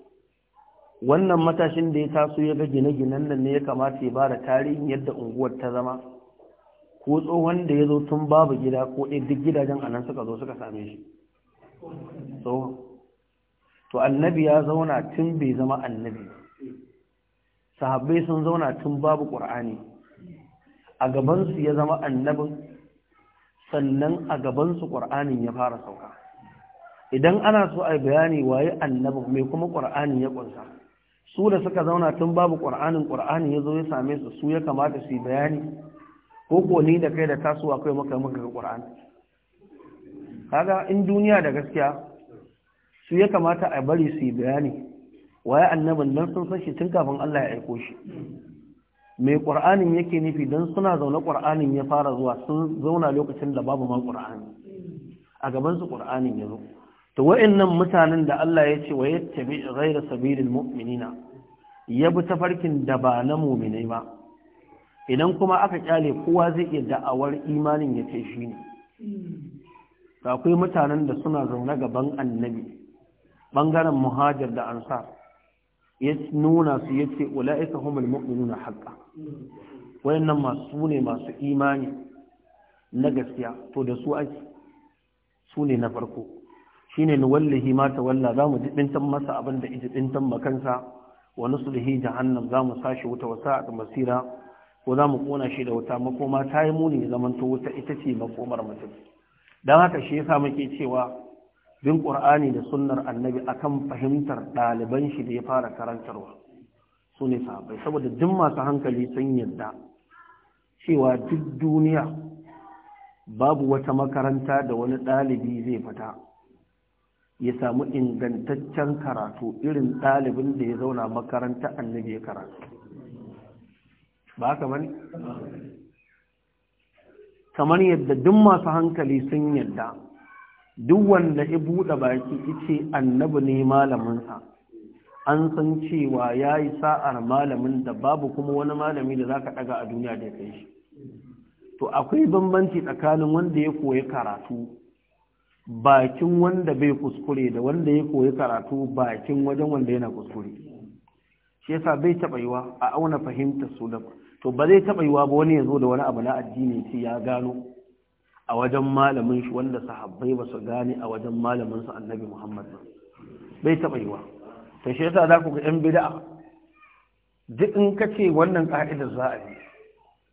wannan matashin da ya taso ya ga gine-ginen nan ne ya kamata ya ba da tarihin yadda unguwar ta zama ko tsohon da ya zo tun babu gida ko ɗaya duk gidajen anan suka zo suka same shi tsohon to annabi ya zauna tun bai zama annabi sahabbai sun zauna tun babu ƙur'ani a gabansu ya zama annabin sannan a gabansu ƙur'anin ya fara sauka idan ana so a bayani waye annabin mai kuma ƙur'anin ya ƙunsa su da suka zauna tun babu ƙur'anin ƙur'anin ya zo ya same su su ya kamata su yi bayani ko ko ni da kai da tasowa kai maka maka Qur'an kaga in duniya da gaskiya su ya kamata a bari su bayani waye annabin don sun san shi tun kafin Allah ya aiko shi mai Qur'anin yake nufi dan suna zaune Qur'anin ya fara zuwa sun zauna lokacin da babu man Qur'ani a gaban su Qur'anin ya zo to wa'annan mutanen da Allah ya ce wa yattabi ghayra sabilil mu'minina ta tafarkin da ba na mu'minai ba idan kuma aka kyale kowa zai iya da'awar imanin ya ce shi ne akwai mutanen da suna zaune gaban annabi bangaren muhajir da ansar ya nuna su ya ce ula'ika humul haka haƙƙa wayannan masu ne masu imani na gaskiya to da su ake su ne na farko shine na wallahi ma ta walla zamu jibintan masa abin da ijibintan makansa wa nuslihi Za mu sashi wuta wasa a masira ko za mu kona shi da wuta makoma ta yi muni zaman to wuta ita ce makomar mutum don haka shi yasa muke cewa bin qur'ani da sunnar annabi akan fahimtar ɗaliban shi da ya fara karantarwa su ne sahabbai saboda duk masu hankali sun yarda cewa duk duniya babu wata makaranta da wani ɗalibi zai fita ya samu ingantaccen karatu irin ɗalibin da ya zauna makaranta annabi ya karatu ba haka bane kamar yadda duk masu hankali sun yadda duk wanda ya buɗe baki ice annabi ne malaminsa an san cewa ya yi sa'ar malamin da babu kuma wani malami da za ka ɗaga a duniya da ya kai shi to akwai bambanci tsakanin wanda ya koyi karatu bakin wanda bai kuskure da wanda ya koyi karatu bakin wajen wanda yana kuskure shi yasa bai taɓa yiwa a auna fahimtar su da to ba zai taɓa yiwa ba wani ya zo da wani abu na addini ce ya gano a wajen malamin shi wanda sahabbai ba su gane a wajen malamin su annabi Muhammad ba bai taɓa yiwa to shi yasa za ku ga yan bid'a duk in ka ce wannan ka'idar za a yi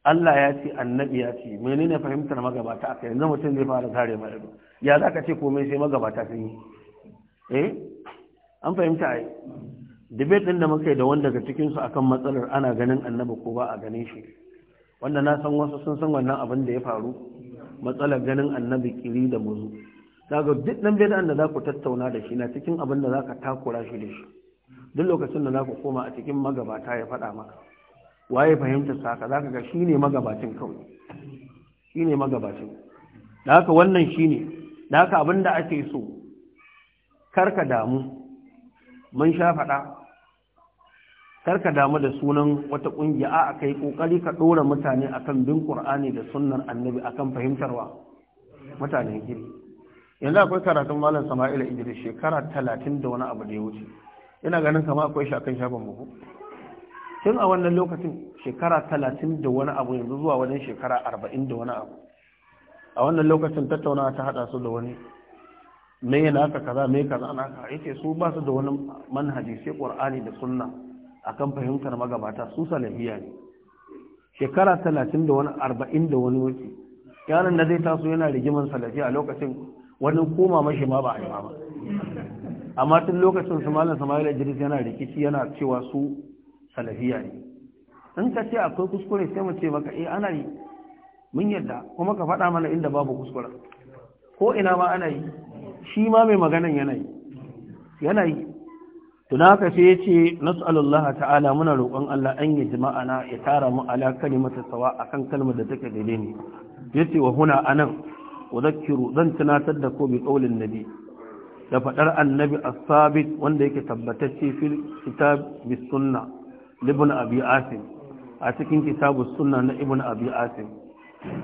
Allah ya ce annabi ya ce menene fahimtar magabata aka yanzu mutum zai fara zare mai ya za ka ce komai sai magabata sun yi eh an fahimta ai debate ɗin da muka yi da wanda daga cikinsu akan matsalar ana ganin annabi ko ba a ganin shi wanda na san wasu sun san wannan abin da ya faru matsalar ganin annabi kiri da muzu daga duk nan bidan da za ku tattauna da shi na cikin abin da za ka takura shi da shi duk lokacin da za ku koma a cikin magabata ya faɗa maka waye fahimta saka za ka ga shi ne magabacin kawai shi ne magabacin da haka wannan shi ne da haka abin da ake so karka damu mun sha faɗa karka damu da sunan wata kungiya a kai kokari ka dora mutane akan bin qur'ani da sunnar annabi akan fahimtarwa mutane giri yanzu akwai karatun malam sama'ila idris shekara talatin da wani abu da ya wuce ina ganin kama akwai shi akan shafin buhu tun a wannan lokacin shekara talatin da wani abu yanzu zuwa wajen shekara arba'in da wani abu a wannan lokacin tattaunawa ta haɗa su da wani me yana aka kaza me kaza ana ka yake su ba su da wani manhaji sai qur'ani da sunna akan fahimtar magabata su salafiya ne shekara talatin da wani arba'in da wani wuce yaron da zai taso yana rigiman salafi a lokacin wani koma mashi ma ba a yi ba amma tun lokacin su malam samayil idris yana rikici yana cewa su salafiya ne in ka ce akwai kuskure sai mu ce maka eh ana yi mun yadda kuma ka faɗa mana inda babu kuskure ko ina ma ana yi shi ma mai maganan yana yi yana yi tunaka sai ya ce nas'alullah ta'ala muna roƙon Allah an yi na ya tara mu ala kalimata sawa akan kalmar da take daidai ne yace wa huna anan udhakkiru zan tunatar da ko bi qaulin nabi da faɗar annabi asabit wanda yake tabbatacce fil kitab sunna ibn abi asim a cikin kitabus sunna na ibn abi asim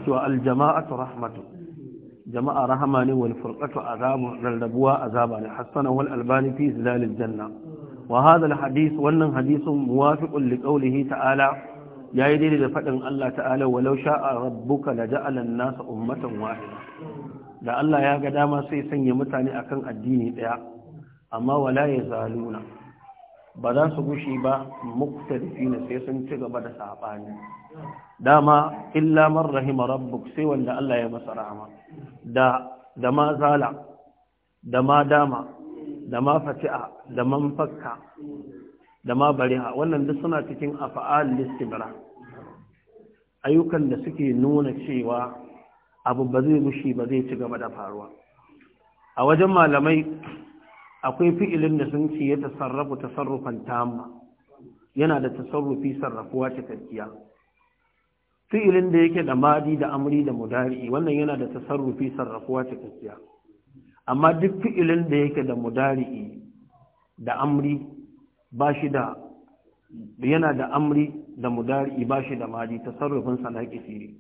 cewa al jama'atu rahmatu jama'a rahama ne wal furqatu azabu rarrabuwa azaba ne hasana wal albani fi zilalil janna wa hadha alhadith wannan hadisin muwafiqun hi ta'ala ya yi daidai da fadin Allah ta'ala Walausha a rabbuka laja'ala an-nasa ummatan wahida da Allah ya ga dama sai sanya mutane akan addini ɗaya. amma wala ya yazaluna ba za su gushi ba muqtadifina sai sun ci gaba da sabani dama illa man rahima Rabbu, sai wanda Allah ya masa rahama da da ma zala da ma dama da ma fati'a da man fakka da ma bariha wannan duk suna cikin afa'al listibra ayyukan da suke nuna cewa abu ba zai mushi ba zai ci gaba da faruwa a wajen malamai akwai fi'ilin da sun ce ya tasarrafu tasarrufan tamma yana da tasarrufi sarrafuwa cikakkiya fi'ilin da yake da madi da amri da mudari wannan yana da tasarrufi sarrafuwa cikakkiya amma duk fi'ilin da yake da mudari'i da amri ba shi da yana da amri da mudari'i ba shi da madi ta sa na kisiri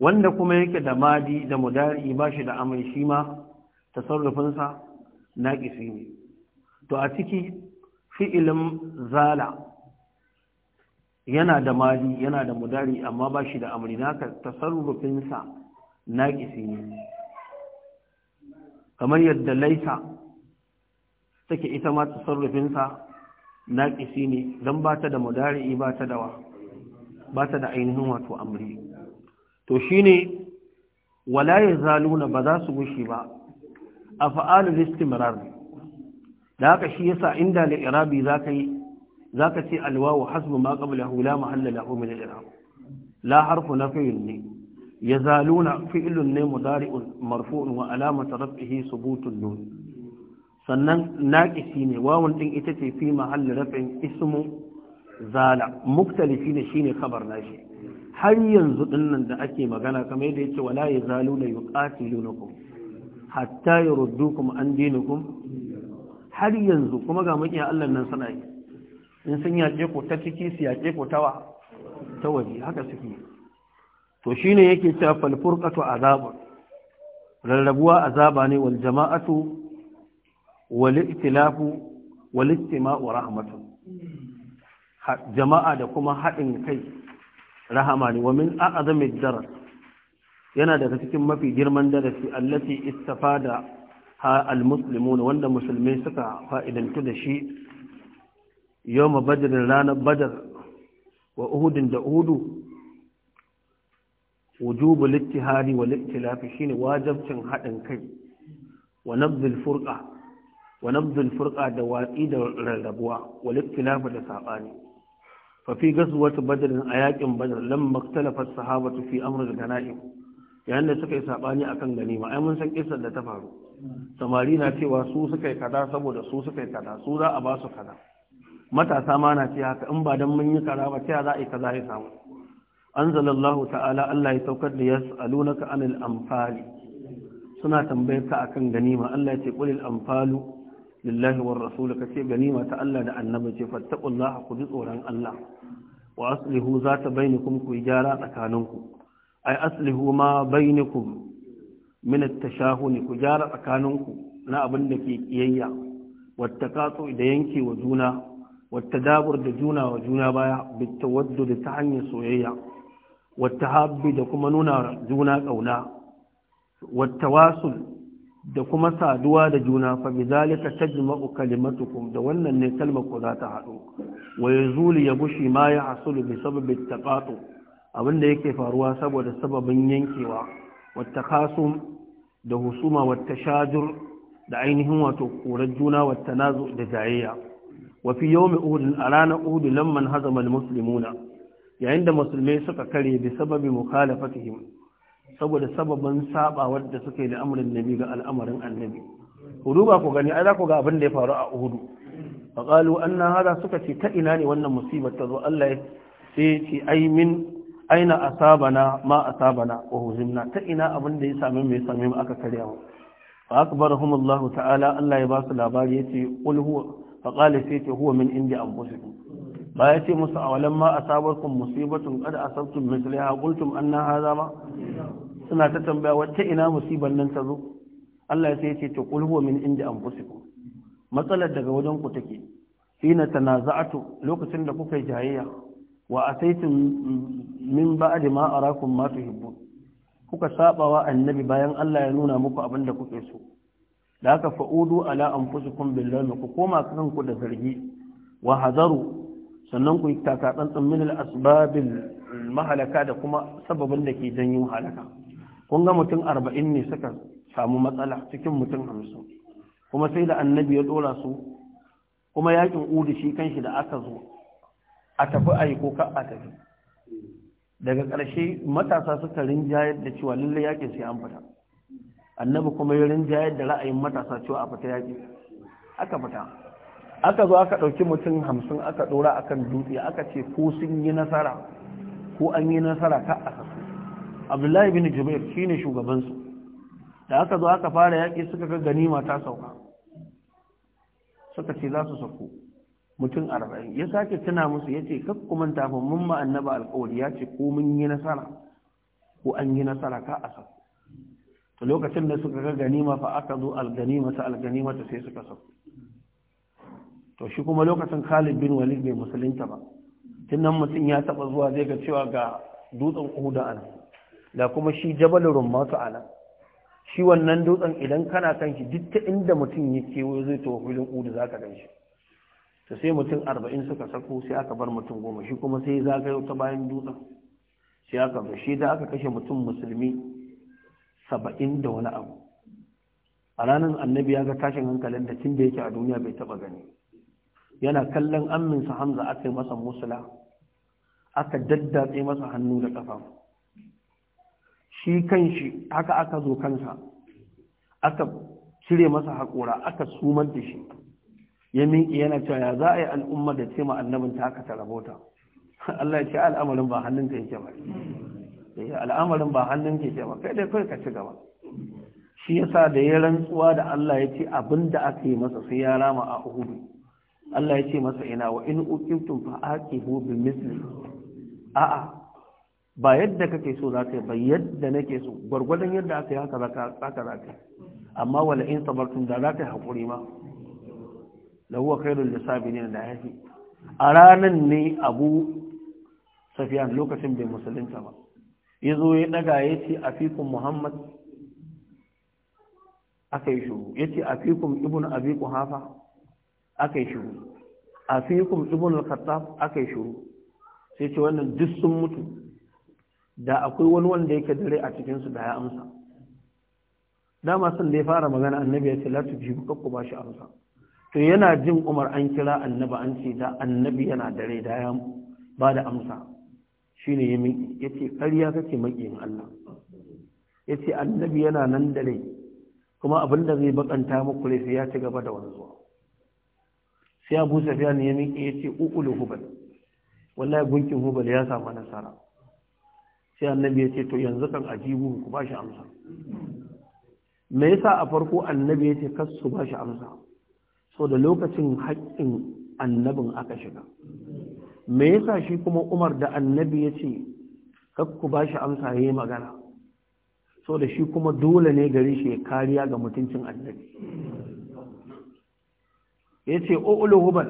wanda kuma yake da madi da mudari'i ba shi da amri shi ma ta sa na kisiri to a ciki fi'ilin zala yana da madi yana da mudari amma ba shi da amri ta tasarrufinsa naƙisi ne kamar yadda laisa take ita ma tasarrufinsa naƙisi ne don ba ta da mudari, ba ta da ba ta da ainihin wato amri to shine wala yazaluna ba za su gushi ba af'alul istimrar da haka shi yasa inda da irabi zaka yi zaka ce alwawu hasbu ma qablahu la mahalla lahu min al-i'rab la harfu nafiyun ne yazaluna fi'lun ne mudari'un marfu'un wa alamatu raf'ihi subutun nun sannan naqisi ne wawan ɗin ita ce fi mahalli raf'in ismu zala muktalifi ne shine kabar nashi har yanzu dinnan da ake magana kamar yadda yake wala yazaluna yuqatilunakum hatta yurdukum an dinikum har yanzu kuma ga makiya allan nan suna yi in sun yaƙe ku ta ciki su yaƙe ku ta waje haka suke to shine yake cewa fal rarrabuwa azaba ne wal jama'atu wal ittilafu wal istima'u jama'a da kuma haɗin kai rahama ne wa min a'azami daras yana daga cikin mafi girman darasi allati istafada ha almuslimun wanda musulmai suka fa'idantu da shi yawma badr ranar badar wa uhudin da uhudu wujubu littihari wa littilafi shine wajabcin haɗin kai wa nabdul furqa wa nabdul furqa da watsi da rarrabuwa wa littilafi da saɓani. fa fi gaswatu badr a yakin badr lam maktalafat sahabatu fi amr al-ganaim yayin da suka yi sabani akan ganima ai mun san kissar da ta faru samari na cewa su suka yi kaza saboda su suka yi kaza su za a ba su kaza matasa ma na ce haka in ba dan mun yi kaza ba ta za a yi kaza ya samu anzalallahu ta'ala Allah ya saukar da yas'alunaka anil amfali suna tambayar ka akan ganima Allah ya ce qulil amfalu lillahi war rasul ka ce ganima ta Allah da annabi ce fattaqullaha ku ji tsoron Allah wa aslihu zata bainakum ku gyara tsakaninku ai aslihu ma bainakum min at-tashahun ku gyara tsakaninku na abin da ke kiyayya wattaqatu da yanke wa juna wattadabur da juna wa juna baya bitawaddud ta hanyar soyayya Wata wattahabbi da kuma nuna juna kauna wattawasul da kuma saduwa da juna fa bizalika tajma'u kalimatukum da wannan ne kalmar ku za ta haɗu wa yazulu ya gushi ma ya hasulu bi sababi taqatu abinda yake faruwa saboda sababin yankewa wattakasum da husuma wata wattashajur da ainihin wato korar juna wattanazu da jayayya Wafi fi yawmi uhud a ranar uhud lamman hazama almuslimuna yayin da musulmai suka kare bi sababi mukhalafatihim saboda sababan saba wanda suka yi al'amarin nabi ga al'amarin annabi hudu ba ku gani ai za ku ga abin da ya faru a hudu fa qalu anna hada suka ce ta ina ne wannan musibar ta zo Allah sai ce ai min aina asabana ma asabana wa huzimna ta ina abin da ya same mu ya same mu aka karya mu fa akbarahum Allah ta'ala Allah ya ba su labari yace qul huwa fa qala sai ce huwa min indi anfusikum ba ya ce musu a walamma asabarkum musibatun qad asabtum mithlaha qultum anna hadha ma suna ta tambaya wacce ina musibar nan ta zo Allah sai ya ce to qul min indi anfusikum matsalar daga wajen ku take na tanaza'atu lokacin da kuka yi jayayya wa asaitum min ba'di ma arakum ma tuhibbun kuka sabawa annabi bayan Allah ya nuna muku abin da kuke so da haka fa'udu ala anfusikum billahi ku koma kanku da zargi wa sannan ku yi takatsantsan min al mahalaka da kuma sababin da ke janyo halaka kun ga mutum arba'in ne suka samu matsala cikin mutum hamsin kuma sai da annabi ya dora su kuma yakin udu shi kanshi da aka zo a tafi a yi ko ka a tafi daga ƙarshe matasa suka rinjayar da cewa lallai yakin sai an fita annabi kuma ya rinjayar da ra'ayin matasa cewa a fita aka fita aka zo aka ɗauki mutum hamsin aka ɗora kan dutse aka ce ko sun yi nasara ko an yi nasara ta a kasu abdullahi bin jubair shi ne shugabansu da aka zo aka fara yaƙi suka ga ganima ta sauka suka ce za su sauko. mutum arba'in ya sake tuna musu ya ce kak kuma tafin mun ma'annaba annaba alkawari ya ce ko mun yi nasara ko an yi nasara ka a sauko to lokacin da suka ga ganima fa aka zo alganima ta alganima ta sai suka sauko to shi kuma lokacin Khalid bin Walid bai musulunta ba tun nan mutum ya taba zuwa zai ga cewa ga dutsen Uhuda ana da kuma shi Jabal Rumatu ana shi wannan dutsen idan kana kan shi duk ta inda mutum ya kewayo zai to filin Uhuda zaka gan shi to sai mutum arba'in suka sako sai aka bar mutum goma shi kuma sai zagayo ta bayan dutsen sai aka bar. shi da aka kashe mutum musulmi saba'in da wani abu a ranar annabi ya ga tashin hankalin da tun da yake a duniya bai taba gani yana kallon amminsa hamza aka yi masa musula aka daddatse masa hannu da ƙafa shi kan shi haka aka zo kansa aka cire masa haƙura aka sumar da shi ya miƙi yana cewa ya za a yi al'umma da ce ta aka ta rabota [laughs] Allah ya ce al'amarin ba hannunka yake ba eh, al'amarin ba hannunka yake ba kai dai kai ka ci gaba shi yasa da ya rantsuwa da Allah ya ce abin da aka yi masa sai ya rama a uhudu Allah ya ce masa ina wa in uqimtum fa aqibu bi misli a'a ba yadda kake so za ka yi ba yadda nake so gwargwadon yadda aka yi haka za ka za ka amma wala in sabartum da za ka yi hakuri ma la huwa khairul ne da yafi a ranan ne Abu safiyan lokacin bai musulunta ba yazo ya daga yace afikum Muhammad aka yi shuru yace afikum ibnu abi quhafa aka yi shiru a fikum ibn al-khattab aka shiru sai ce wannan duk sun mutu da akwai wani wanda yake dare a cikin su da ya amsa dama sun da ya fara magana annabi ya ce la tujibu kakku ba shi amsa to yana jin umar an kira annabi an ce da annabi yana dare da ya ba da amsa shine ya miƙi ya ce ƙarya kake maƙiyin Allah ya ce annabi yana nan dare kuma abin da zai bakanta muku sai ya ci gaba da wanzuwa sai abu safiyan ya miƙe ya ce ƙuƙulu hubal wallahi gunkin hubal ya samu nasara sai annabi ya ce to yanzu kan ajibu ku ba shi amsa me yasa a farko annabi ya ce kas su ba shi amsa so da lokacin haƙƙin annabin aka shiga me yasa shi kuma umar da annabi ya ce ku ba shi amsa ya yi magana so da shi kuma dole ne gare shi kariya ga mutuncin annabi ya ce o'ulu hubal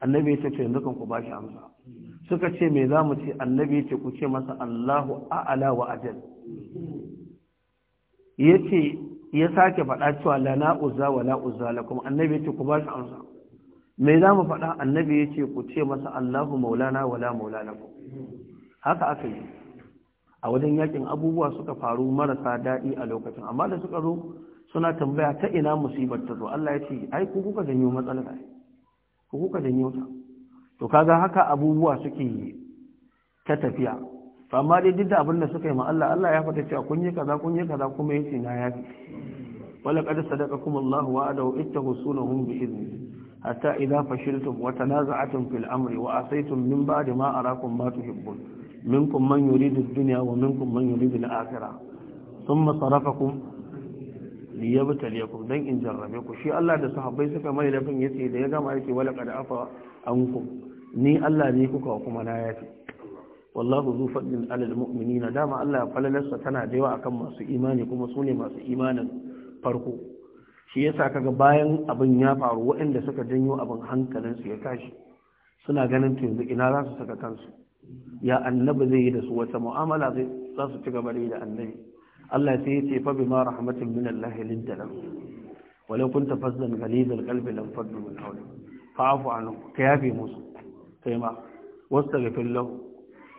annabi ya ce yanzu ku ba shi amsa suka ce me za mu ce annabi ya ce ku ce masa allahu a'ala wa ajal ya ce ya sake faɗa cewa la na uzza wa la uzza lakum annabi ya ce ku ba shi amsa me za mu faɗa annabi ya ce ku ce masa allahu maulana wa la maulana ku haka aka yi a wajen yakin abubuwa suka faru marasa daɗi a lokacin amma da suka zo suna tambaya ta ina musibar ta zo Allah ya ce ai ku kuka janyo matsalar ai ku kuka janyo ta to kaga haka abubuwa suke ta tafiya to amma dai duk da abin da suka yi ma Allah Allah ya fata cewa kun yi kaza kun yi kaza kuma yace na yafi wala qad sadaqakum Allahu ittahu sunahum bi idni hatta idha fashiltum wa tanaza'tum fil amri wa asaytum min ba'di ma arakum ma tuhibbun minkum man yuridu ad-dunya wa minkum man yuridu al-akhirah thumma sarafakum liyabtaliyakum dan in jarrabe ku shi Allah da sahabbai suka mai lafin yace da ya gama yake wala qad afa anku ni Allah ne kuka kuma na yafi wallahu zu fadlin alal mu'minina dama Allah falalarsa tana da yawa akan masu imani kuma sune masu imanin farko shi yasa kaga bayan abin ya faru waɗanda suka janyo abin su ya tashi suna ganin to yanzu ina za su saka kansu ya annabi zai yi da su wata mu'amala zai za su ci gaba da yi da annabi Allah sai ya ce fa bima rahmatin min Allah linta lam walau kunta fazzan ghaliz alqalbi lam faddu min hawli fa'fu anhu ka yafe musu kai ma wastaghfir lahu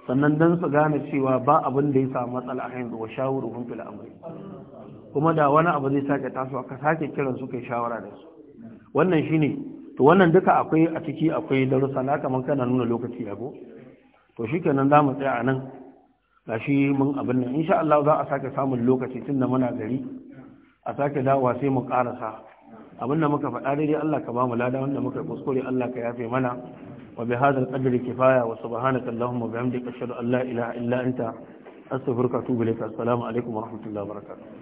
sannan dan su gane cewa ba abin da ya samu matsala a yanzu wa shawuruhum fil amri kuma da wani abu zai sake tasowa ka sake kiran su kai shawara da su wannan shine to wannan duka akwai a ciki akwai darussa na kamar kana nuna lokaci yago to shikenan za mu tsaya a nan shi mun abin nan insha Allah za a sake samun lokaci tun da muna gari a sake dawa sai mu karasa abin da muka faɗa daidai Allah ka bamu lada wanda muka kuskure Allah ka yafe mana wa bi hadal qadri kifaya wa subhanaka allahumma wa bihamdika ashhadu an la ilaha illa anta astaghfiruka wa atubu ilaik assalamu alaikum wa rahmatullahi wa barakatuh